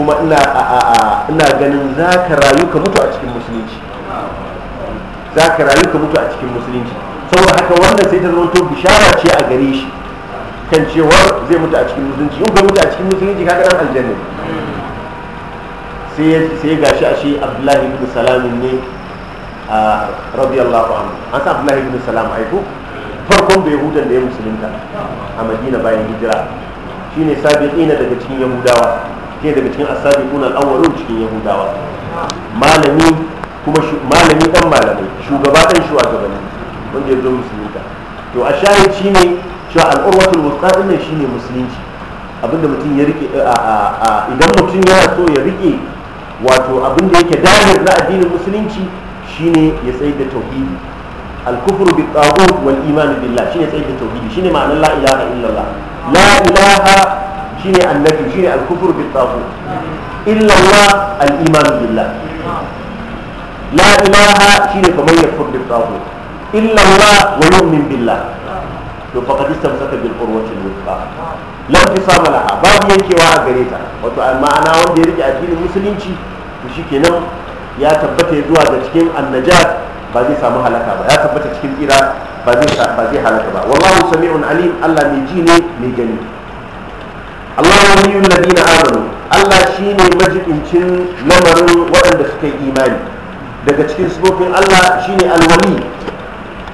kuma ina ganin za ka rayu ka mutu a cikin musulunci za ka mutu a cikin saboda haka wannan sai ta zama bishara ce a gare shi kan cewa zai mutu a cikin musulunci in kuma mutu a cikin musulunci kaga dan aljanna sai sai gashi shi abdullahi ibn salam ne a radiyallahu anhu an sa abdullahi ibn salam aiko farkon bai huta da ya musulunta a madina bayan hijira shine sabiqina daga cikin yahudawa ke daga cikin asabiquna al-awwalun cikin yahudawa malami kuma malami dan malamai shugaba dan shugabanni wanda ya zo musulunta to a shahid shine cewa al'urwatul wusta din nan shine musulunci abinda mutum ya rike idan mutum yana so ya rike wato abinda yake dahir na addinin musulunci shine ya tsaye da tauhidi al-kufru bi taghut shine tsaye da tauhidi shine ma'anar la ilaha illallah la ilaha shine annabi shine al-kufru illallah al-iman la ilaha shine kamar yakfur illallah to faqad istamsaka bil urwati al-wuthqa lam tisama laha babu yankewa a gare ta wato ma'ana wanda ya rike addinin musulunci to shikenan ya tabbata zuwa ga cikin annajat ba zai samu halaka ba ya tabbata cikin tsira ba zai ba zai halaka ba wallahu sami'un alim Allah mai ji ne mai gani Allah waliyul ladina amanu Allah shine majibincin lamarin waɗanda suka yi imani daga cikin sufofin Allah shine alwali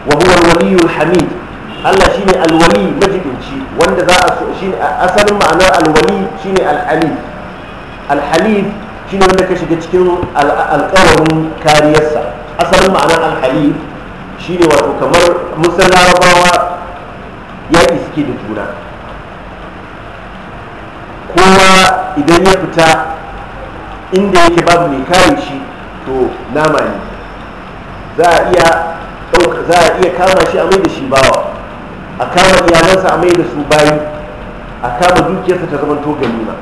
wa huwa alwaliyul hamid Allah shine alwali majibinci wanda za a shine asalin ma'anar alwali shine alhalif alhalif shine wanda ka shiga cikin alƙawarin kariyarsa asalin ma'anar alhalif shine wato kamar musan larabawa yaƙi suke da juna kowa idan ya fita inda yake babu mai kare shi to nama ne za a iya kama shi a mai da shi bawa a kama iyalansa a mai da su bayi a kama dukiyarsa ta zamanto ganima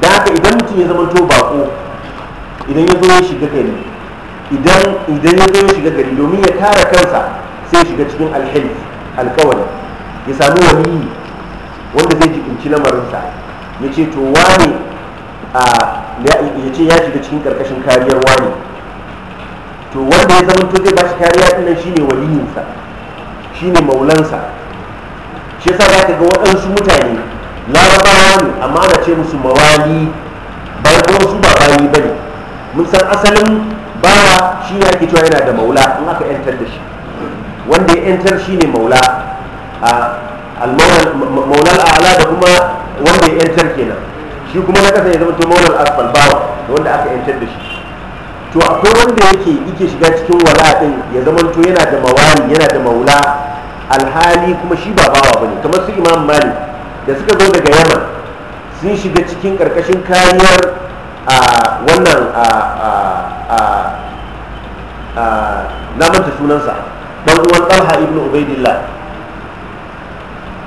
da haka idan mutum ya zamanto bako idan ya zo ya shiga gari idan idan ya zo ya shiga gari domin ya kare kansa sai shiga cikin alhali alkawari ya samu wani wanda zai jibinci lamarinsa ya ce to wane a ya ce ya shiga cikin karkashin kariyar wane to wanda ya zama to zai ba shi kariya ɗin nan shine waliyinsa shine maulansa shi yasa za ka ga waɗansu mutane larabawa ne amma ana ce musu mawali bayan kuma su ba bayi ba ne mun san asalin bawa shi ne ake cewa yana da maula in aka yantar da shi wanda ya yantar shi ne maula maulal a'ala da kuma wanda ya yantar kenan shi kuma na kasa ya zama to maulal asfal bawa wanda aka yantar da shi to akwai wanda yake yake shiga cikin wala ɗin ya zama to yana da mawali yana da maula alhali kuma shi ba bawa ba ne kamar su imam mali da suka zo daga yaman sun shiga cikin karkashin kariyar a wannan na manta sunansa dan uwan talha ibn ubaidillah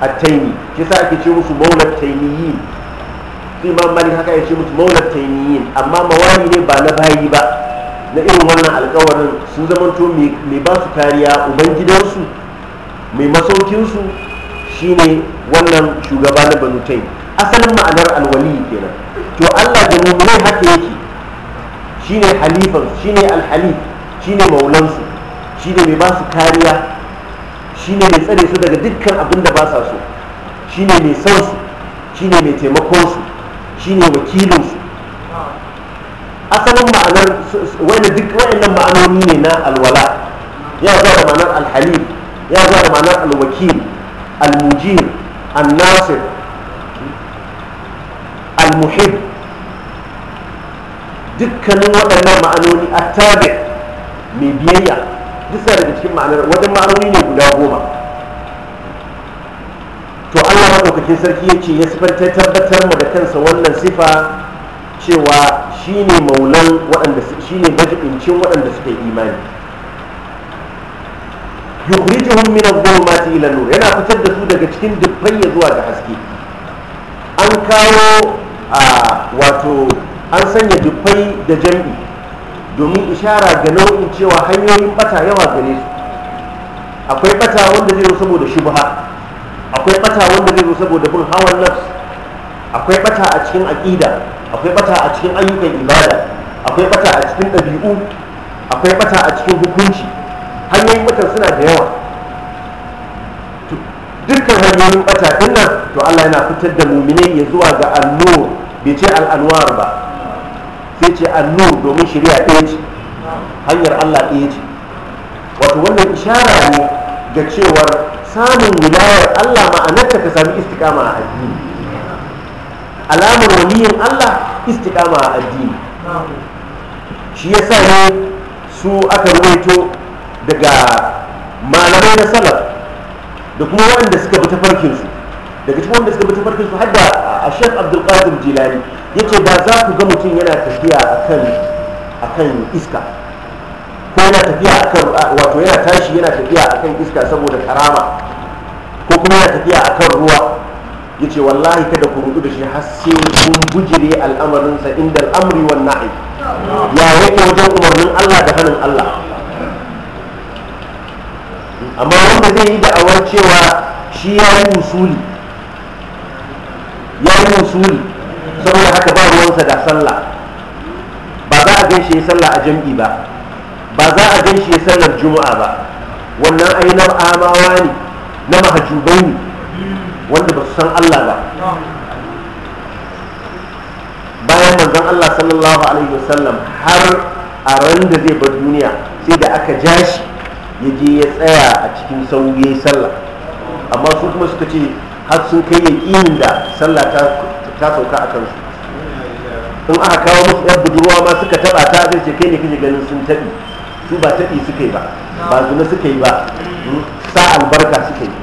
a taimi kisa ake ce musu maulat tainiyin su imam malik haka ya ce musu maulat tainiyin amma mawari ne ba na bayi ba na irin wannan alkawarin sun zamanto mai ba su kariya ubangidansu mai masaukinsu shine wannan shugaba na banu asalin ma'anar alwali kenan to allah da mummunai haka yake halifar, shi ne alhalif shi ne maulansu shi ne mai ba su kariya ne mai tsare su daga dukkan abin da ba sa so ne mai san su ne mai taimakon su ne wakilin asalin ma'anar wani duk wa'annan ma'anoni ne na alwala yau za da ma'anar alhalif ya zuwa da ma'anar alwakil almujir annasir almuhib dukkanin waɗannan ma'anoni a attabi mai biyayya duk sai daga cikin ma'anar wajen ma'anoni ne guda goma to allah maɗaukakin sarki ya ce ya sifanta tabbatar mu da kansa wannan sifa cewa shine maulan waɗanda shine majibincin waɗanda suke imani yukhrijuhum min adh-dhulumati ila nur yana fitar da su daga cikin dubbai ya zuwa ga haske an kawo a wato an sanya dubbai da jam'i domin ishara ga nau'in cewa hanyoyin bata yawa gare su akwai bata wanda zai zo saboda shubha akwai bata wanda zai zo saboda bin hawan nafs akwai bata a cikin aqida akwai bata a cikin ayyukan ibada akwai bata a cikin ɗabi'u akwai bata a cikin hukunci hanyoyin bata suna da yawa dukkan hanyoyin bata din nan to Allah yana fitar da muminai ya zuwa ga annur bai ce al'anwar ba sai ce annur domin shari'a ɗaya ce hanyar Allah ɗaya ce wato wannan ishara ne ga cewar samun wilayar Allah ma'anarta ka sami istiƙama a addini alamar waliyin Allah istiƙama a addini shi yasa ne su aka ruwaito daga malamai na salaf da kuma waɗanda suka bi tafarkinsu daga cikin wanda suka bi tafarkinsu har da a abdulkadir jilani ya ce ba za ku ga mutum yana tafiya a kan iska ko yana tafiya a kan wato yana tashi yana tafiya a kan iska saboda karama ko kuma yana tafiya a kan ruwa ya ce wallahi kada ku rudu da shi har sai kun bujire al'amarinsa inda al'amri wannan ya yake wajen umarnin allah da hannun allah amma wanda zai yi da'awar cewa shi ya yi musuli ya yi musuli saboda haka ba ruwansa da sallah ba za a gaishe ya sallah a jam'i ba ba za a gaishe ya sallar juma'a ba wannan ainihin amawa ne na mahajubai ne wanda ba su san allah ba bayan manzon allah sallallahu alaihi wasallam har a ran da zai bar duniya sai da aka ja shi ya je ya tsaya a cikin sau ya yi sallah amma su kuma suka ce har sun kai yaƙinin da sallah ta sauka a kansu in aka kawo musu yar budurwa ma suka taɓa ta zai ce kai ne kake ganin sun taɓi su ba taɓi suka yi ba ba zuna suka yi ba hmm, sa albarka suka yi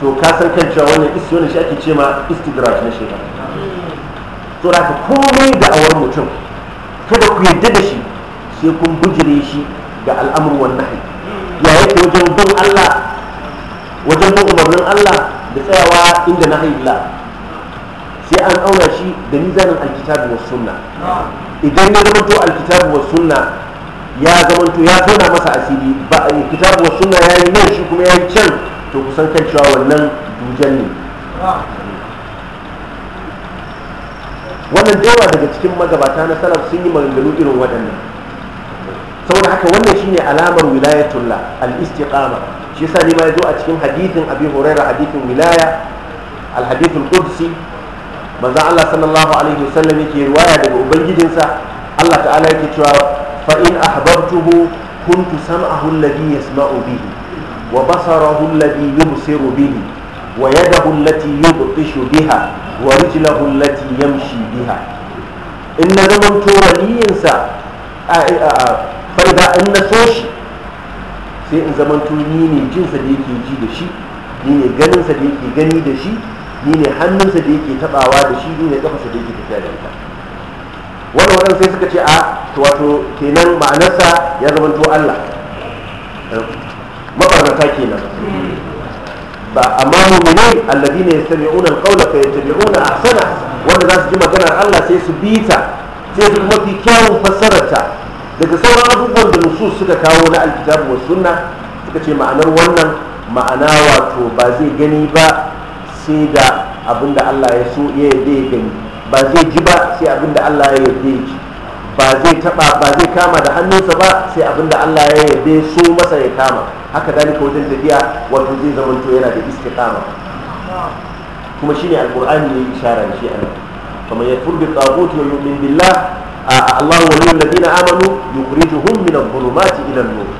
to ka san kan cewa wannan shi ake ce ma istidraj na shekaru to da ka komai da awar mutum kada ku yadda da shi sai kun bujire shi ga al'amur wannan haƙi ya yake wajen bin Allah wajen bin umarnin Allah da tsayawa inda na haila sai an auna shi da nizanin alkitabu wa sunna idan ya zamanto alkitabu wa sunna ya zamanto ya zauna masa asiri ba a alkitabu wa sunna ya yi nan shi kuma ya yi can to kusan kan cewa wannan dujan ne wannan jawa daga cikin magabata na salaf sun yi maganganu irin waɗannan saboda haka wannan shine alamar wilayatullah al-istiqama shi yasa ne ma yazo a cikin hadithin abi huraira hadithin wilaya al-hadith al-qudsi manzo Allah sallallahu alaihi wasallam yake riwaya daga ubangijinsa Allah ta'ala yake cewa fa in ahbabtuhu kuntu sam'ahu alladhi yasma'u bihi wa basarahu alladhi yubsiru bihi wa yadahu allati yubtishu biha wa rijlahu allati yamshi biha in na zamanto waliyinsa bai da in na so shi sai in zaman ni ne jinsa da yake ji da shi ni ne ganinsa da yake gani da shi ni ne hannunsa da yake tabawa da shi ni ne kafasa da yake tafiya da ita wani wadan sai suka ce a wato kenan ma'anarsa ya zamanto Allah mafarnata kenan ba amma mu'mini alladhina yastami'una al-qawla a sana wanda za su ji maganar Allah sai su bita sai su mafi kyawun fassararta daga sauran abubuwan da nusus suka kawo na alkitabu wa sunna suka ce ma'anar wannan ma'ana wato ba zai gani ba sai da abin da Allah ya so ya ya gani ba zai ji ba sai abin da Allah ya yarda ya ji ba zai taba ba zai kama da hannunsa ba sai abin da Allah ya yarda so masa ya kama haka dalika wajen tafiya wato zai zamanto yana da kama kuma shine alkur'ani ne isharar shi anan kamar ya turbi tagut wa yu'min billah Allah waliyul ladina amanu yukhrijuhum min adh-dhulumati ila an-nur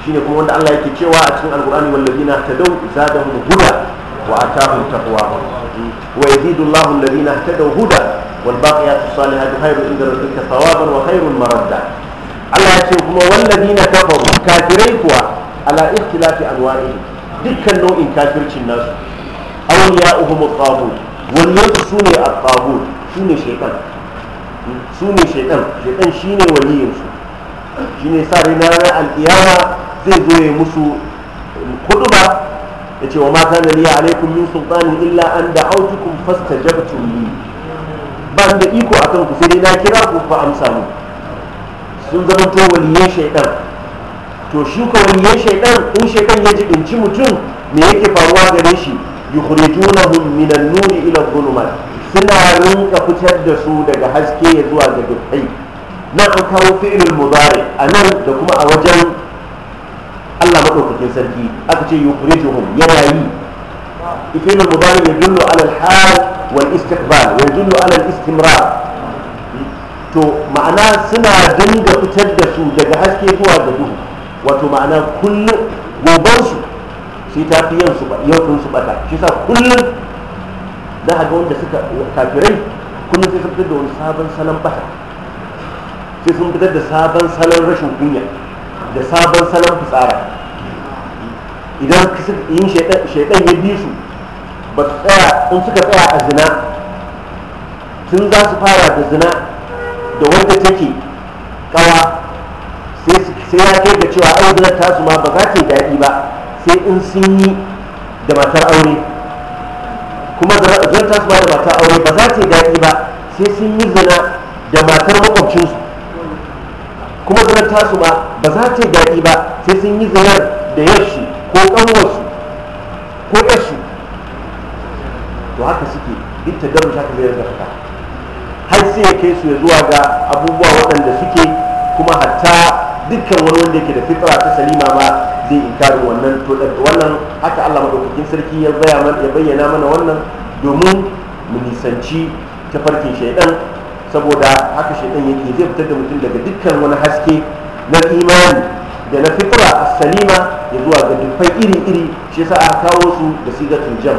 shine kuma wanda Allah yake cewa a cikin alqur'ani wal ladina tadaw zadahum huda wa atahum taqwa wa yazidu Allahu alladhina tadaw huda wal baqiyatu salihatu khayrun inda rabbika thawaban wa khayrun maradda Allah ya ce kuma wal ladina kafaru kafirai kuwa ala ikhtilafi anwa'ihi dukkan nau'in kafircin nasu awliya'uhum at-taghut wannan su ne at-taghut su ne shaytan su ne shaidan shaidan shi ne waliyinsu shi ne sa rai na al'iyama zai zo ya musu kudu ba ya ce wa mata na liya alaikun min sultani illa an da kun fasta jabatun li ba da iko a ku sai dai na kira ku fa amsa mu sun zama to waliyin shaidan to shi ka waliyin shaidan in shaidan ya jibinci mutum me yake faruwa gare shi yukhrijunahum minan nuri ila dhulumat suna rinka fitar da su daga haske zuwa ga dukkai na an kawo fi'ilul mudari a nan da kuma a wajen Allah madaukakin sarki aka ce yukhrijuhum yana yi fi'ilul mudari yadullu ala al-hal wal istiqbal yadullu ala al-istimrar to ma'ana suna dinga fitar da su daga haske zuwa ga duhu wato ma'ana kullum gobansu shi ta fi ba yau sun su bata shi sa kullum da haka wanda suka kafirai kuma sai sun fitar da wani sabon salon bata sai sun fitar da sabon salon rashin kunya da sabon salon fitsara idan yin shaidan ya bi su ba su tsaya in suka tsaya a zina tun za su fara da zina da wanda take kawa sai ya kai ga cewa auzinar tasu ma ba za ta yi daɗi ba sai in sun yi da matar aure kuma zartas ba da mata aure ba za ta yi daɗi ba sai sun yi zina da matar makwabcinsu kuma zinar tasu ba za ta yi daɗi ba sai sun yi zinar da yarsu ko ƙanwarsu ko yarsu to haka suke duk ta daru haka zai rarraba ta har sai ya kai su ya zuwa ga abubuwa waɗanda suke kuma hatta dukkan wani wanda yake da fitra ta salima ba. zai inkari wannan to wannan haka Allah madaukakin sarki ya bayyana mana wannan domin mu nisanci ta farkin shaidan saboda haka shaidan yake zai fitar da mutum daga dukkan wani haske na imani da na fitra as-salima ya zuwa ga dukkan iri-iri shi yasa aka kawo su da sigatun jam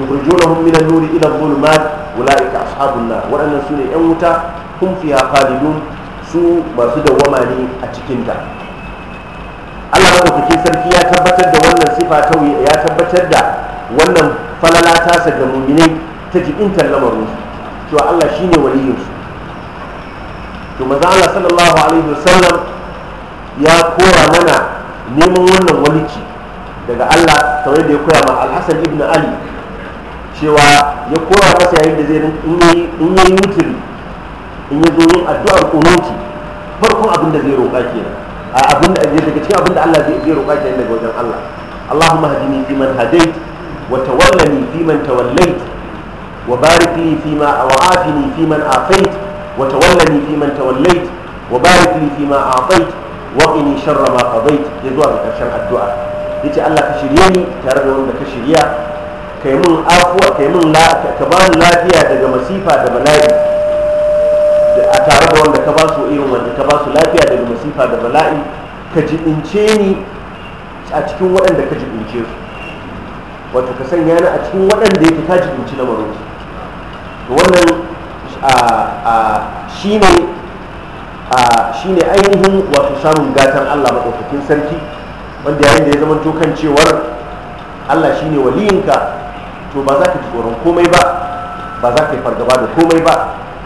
yukhrijunahum min an-nuri ila adh-dhulumat ulaika ashabun nar waɗannan ne yan wuta hum fiha khalidun su masu dawwama ne a cikin ta Allah madaukakin sarki ya tabbatar da wannan sifa ta ya tabbatar da wannan falala ta ga muminai ta jibintar lamarin su cewa Allah shine waliyin su to maza Allah sallallahu alaihi wasallam ya kora mana neman wannan walici daga Allah kamar da ya koya ma Al-Hasan ibn Ali cewa ya kora masa yayin da zai in yi mutum in ya zo yin addu'ar kunuti farkon abin da zai roƙa kenan abin da daga cikin abin da Allah zai roƙa kenan daga wajen Allah Allahumma hadini man hadait wa tawallani fiman tawallait wa barik li fima wa fi man afait wa tawallani fiman tawallait wa barik li fima afait wa qini sharra ma qadait ya zuwa ga karshen addu'a yace Allah ka shirye ni tare da wanda ka shirya kai mun afuwa kai mun lafiya daga masifa da bala'i a tare da wanda ka ba su irin wanda ka ba su lafiya daga masifa da bala'i ka jibince ni a cikin waɗanda ka jibince su wato ka sanya ni a cikin waɗanda yake ka jibinci na to wannan shi ne ainihin wato samun gatan allah maɗaukakin sarki wanda yayin da ya zama to kan cewar allah shine ne waliyinka to ba za ka ji tsoron komai ba ba za ka yi fargaba da komai ba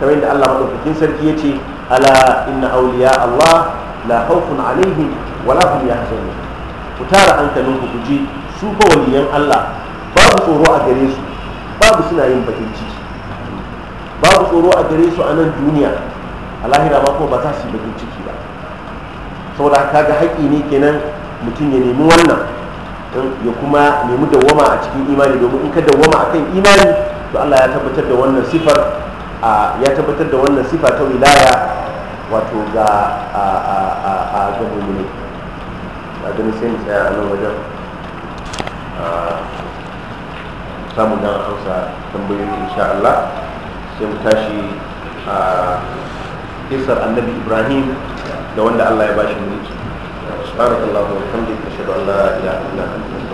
kamar yadda Allah madaukakin sarki yace ala inna awliya Allah la khawfun alaihim wala hum yahzanun ku tara hankalin ku guji su ko waliyan Allah babu tsoro a gare su babu suna yin bakin babu tsoro a gare su a nan duniya a lahira ma kuma ba za su yi bakin ciki ba saboda kaga haƙƙi ne kenan mutum ya nemi wannan ya kuma nemi dawwama a cikin imani domin in ka dawwama akan imani to Allah ya tabbatar da wannan sifar ya tabbatar da wannan sifa ta wilaya wato ga a gabo ne a gani sai mu tsaya a nan wajen samun dan hausa tambayoyi insha Allah sai mu tashi a kisar annabi Ibrahim da wanda Allah ya bashi mulki subhanallahi wa an la ilaha illa anta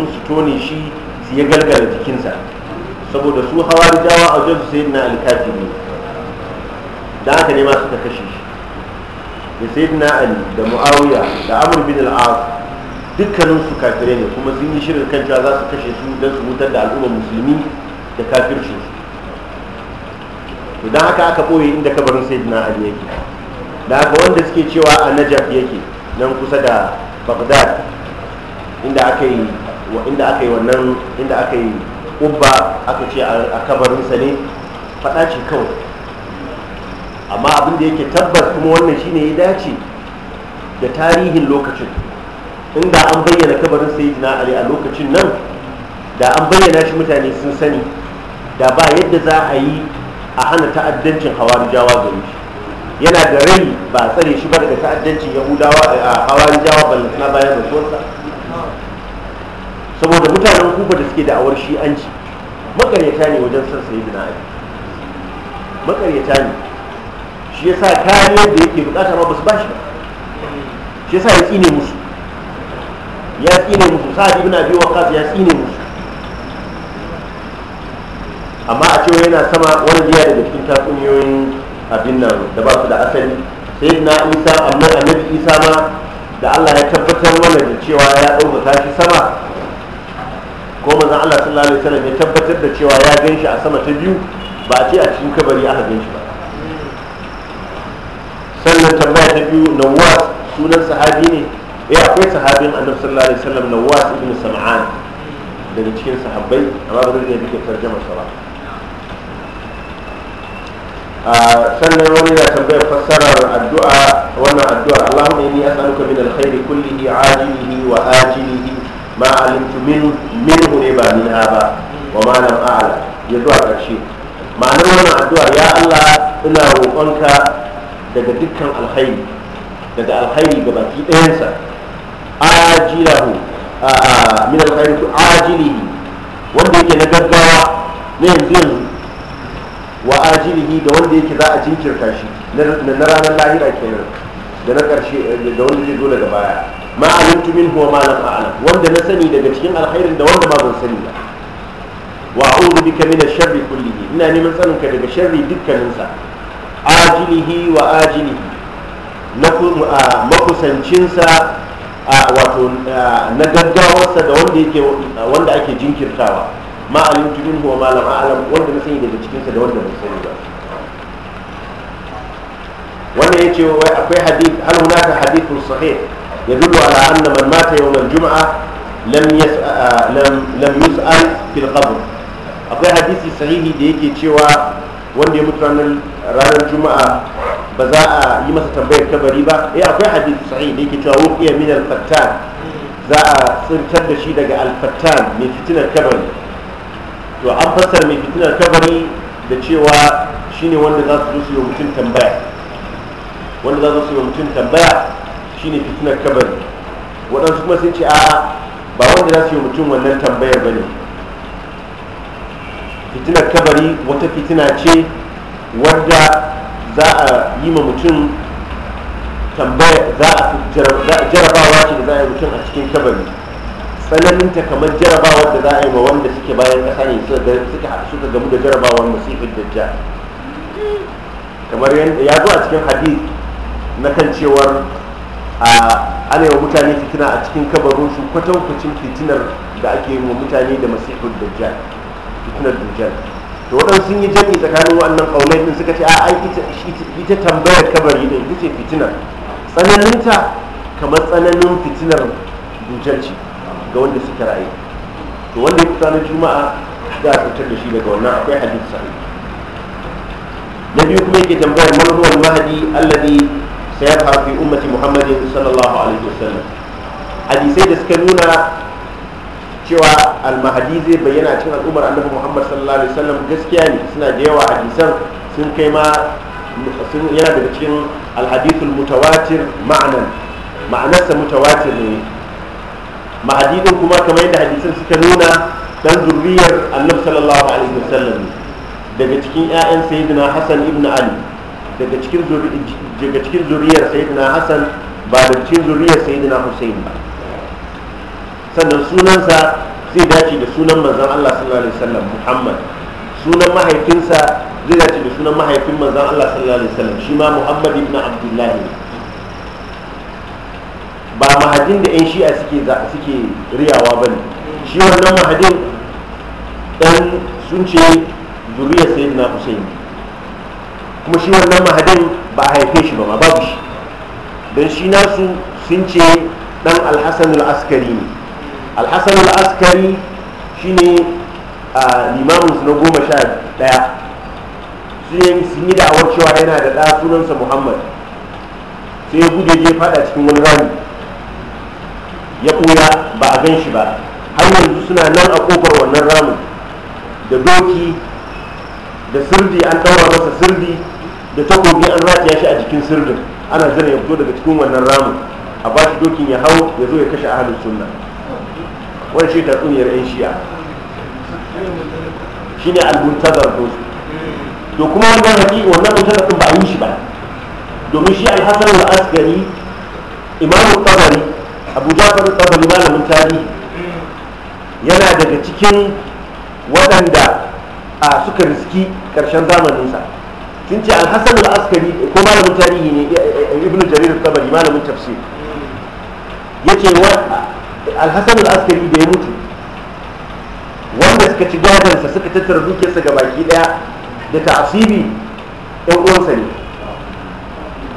zo su tone shi su ya galgala jikinsa saboda su hawa da dawa a wajen sai na alkafi ne da aka nema suka kashe shi da sai na ali da mu'awiya da amur bin al'ad dukkanin su kafirai ne kuma sun yi shirin kan cewa za su kashe su don su mutar da al'ummar musulmi da kafirci to don haka aka ɓoye inda kabarin na ali yake da haka wanda suke cewa a najaf yake nan kusa da bagdad inda aka yi inda aka yi wannan inda aka yi ubba aka ce a kabarinsa ne faɗa ce kawai amma abin da yake tabbas kuma wannan shi ne ya dace da tarihin lokacin inda an bayyana kabarin sayyidina ali a lokacin nan da an bayyana shi mutane sun sani da ba yadda za a yi a hana ta'addancin hawarijawa gare shi yana da rai ba a tsare shi ba daga ta'addancin yahudawa a hawan hawarijawa ballantana bayan rasuwarsa saboda mutanen kufa da suke da'awar shi'anci makaryata ne wajen son sayi da na'ari makaryata ne shi ya sa kariyar da yake bukata ma su bashi ba shi sa ya tsine musu ya tsine musu sa a ibn biyu waqas ya tsine musu amma a cewa yana sama wani biya daga cikin tatsuniyoyin abin nan da ba su da asali sai na isa amma annabi isa ma da Allah ya tabbatar wani da cewa ya ɗauka shi sama ko manzon Allah sallallahu alaihi wasallam ya tabbatar da cewa ya gan shi a sama ta biyu ba a ce a cikin kabari aka gan shi ba sannan tambaya ta biyu nawas sunan sahabi ne eh akwai sahabin annabi sallallahu alaihi wasallam nawas ibn sam'an daga cikin sahabbai amma ba zai iya duka tarjama sa ba ah, sannan wani na tambayar fassarar addu'a wannan addu'a Allahumma inni as'aluka min alkhairi kullihi ajilihi wa ajilihi ma alimtu min minhu ne ba min ba wa ma lam a'lam ya zuwa karshe ma'anar wannan addu'a ya Allah ina roƙonka daga dukkan alkhairi daga alkhairi ga baki ɗayansa ajilahu min alkhairi ku ajilihi wanda yake na gaggawa na yanzu yanzu wa ajilihi da wanda yake za a jinkirta shi na ranar lahira kenan da na karshe da wanda zai zo daga baya ma alimtu minhu wa ma lam a'lam wanda na sani daga cikin alkhairin da wanda ma ban sani ba wa a'udhu bika min ash-sharri kullihi ina neman sanin ka daga sharri dukkanin sa ajilihi wa ajilihi na makusancin sa wato na sa da wanda yake wanda ake jinkirtawa ma alimtu minhu wa ma lam a'lam wanda na sani daga cikin sa da wanda ban sani ba wannan yace wai akwai hadith hal hunaka hadithun sahih يدل على أن من مات يوم الجمعة لم يسأل, لم, يسأل في القبر akwai hadisi sahihi da yake cewa wanda ya mutu ranar juma'a ba za a yi masa tambayar kabari ba eh akwai hadisi sahihi da yake cewa wuqiya min za a tsintar da shi daga al-fattan mai fitinar kabari to an fassara mai fitinar kabari da cewa shine wanda za su zo su mutum tambaya shine fitinar kabari waɗansu kuma sai ce a ba wanda za su yi mutum wannan tambayar ba ne fitinar kabari wata fitina ce wadda za a yi ma mutum tambaya za a jarabawa ce da za a yi mutum a cikin kabari tsananinta kamar jarabawa da za a yi ma wanda suke bayan ƙasa ne suka gamu da jarabawar musifin dajjal kamar yadda ya zo a cikin hadith na kan cewar a yi wa mutane fitina a cikin kabarinsu kwatankwacin fitinar da ake yi wa mutane da masihul dajjal fitinar dajjal to waɗansu sun yi jami tsakanin wannan ƙaunai din suka ce a ai ita tambayar kabari da ita ce fitinar tsananinta kamar tsananin fitinar dajjal ce ga wanda suka ra'ayi to wanda ya fita na juma'a za a tsantar da shi daga wannan akwai hadisi sahih na biyu kuma yake tambayar man mahadi al sayadhhar fi ummati muhammadin sallallahu alaihi wasallam hadisai da suka nuna cewa almahadi zai bayyana cikin al'ummar annabi muhammad sallallahu alaihi wasallam gaskiya ne suna da yawa hadisan sun kai ma sun yana daga cikin alhadithul mutawatir ma'anan ma'anarsa mutawatir ne mahadidin kuma kamar yadda hadisan suka nuna dan zurriyar annabi sallallahu alaihi wasallam daga cikin 'ya'yan sayyidina hasan ibn ali daga cikin daga cikin zuriyar sayyidina Hassan ba daga cikin zuriyar sayyidina Hussein ba sannan sunansa zai dace da sunan manzon Allah sallallahu alaihi wasallam Muhammad sunan mahaifinsa zai dace da sunan mahaifin manzon Allah sallallahu alaihi wasallam shi ma Muhammad ibn Abdullah ba mahadin da yan shi'a suke suke riyawa bane shi wannan mahadin dan sun ce zuriyar sayyidina Hussein kuma shi wannan mahadin ba a haife shi ba ma babu shi don shi nasu sun ce dan alhassan al'askari ne alhassan al'askari shi ne a limaminsu na goma sha daya sun yi da'awar cewa yana da ɗa sunansa muhammad sai ya gude je fada cikin wani rami ya ɓuya ba a gan shi ba har yanzu suna nan a ƙofar wannan ramin da doki da sirdi an ɗaura masa sirdi da takobi an rataya shi a jikin sirrin ana zira ya fito daga cikin wannan ramin a ba shi dokin ya hau ya zo ya kashe ahalin sunna wani shi tsuniyar yan shi'a shi ne al-muntazar dozu to kuma wannan haƙi wannan muntazar ba a yi shi ba domin shi al wa asgari imamu tabari abu jafar tabari malamin tarihi yana daga cikin waɗanda a suka riski ƙarshen zamaninsa sun ce alhassan al'askari ko malamin tarihi ne ibn jarir tabari malamin tafsir ya ce alhassan al'askari da ya mutu wanda suka ci gadansa suka tattara dukiyarsa ga baki daya da ta'asibi yan uwansa ne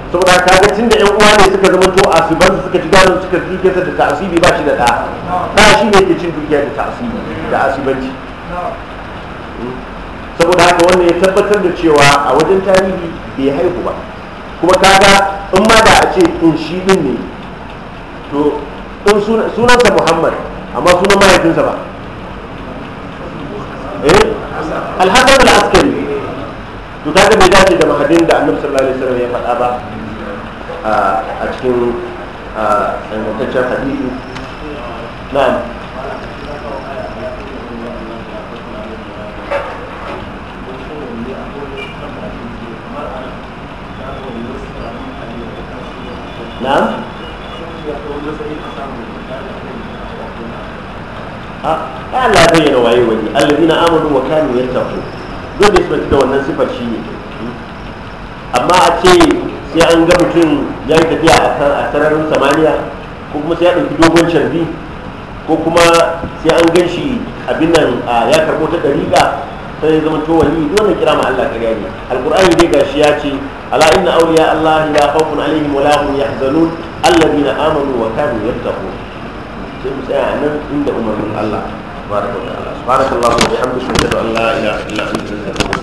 saboda kaga tun da yan uwa ne suka zama to asibansa suka ci gadon suka dukiyarsa da ta'asibi ba shi da ɗa ɗa shi ne ke cin dukiya da ta'asibi da asibanci saboda haka wannan ya tabbatar da cewa a wajen tarihi bai haihu ba kuma kaga in ma da a ce in shi din ne to in sunansa muhammad amma sunan mahaifinsa ba eh alhassan askari to kaga bai dace da mahadin da annabi sallallahu alaihi wasallam ya faɗa ba a cikin tsangantaccen hadisi na'am na a ah, Allah bayyana waye wani allazina amanu wa kanu yattaqu dole su da wannan sifar shi ne amma a ce sai an ga mutum ya yi tafiya a sararin samaniya ko kuma sai ya ɗauki dogon carbi ko kuma sai an gan shi abin nan ah, ya karɓo ta ɗariƙa sai zama to wali wannan kira ma Allah kariya ne alqur'ani dai gashi ya ce ala inna awliya Allah la khawfun alaihim wa la hum yahzanun alladhina amanu wa kanu yattaqun sai mu tsaya nan inda umarnin Allah tabaraka wa ta'ala subhanallahi wa bihamdihi wa la ilaha illa anta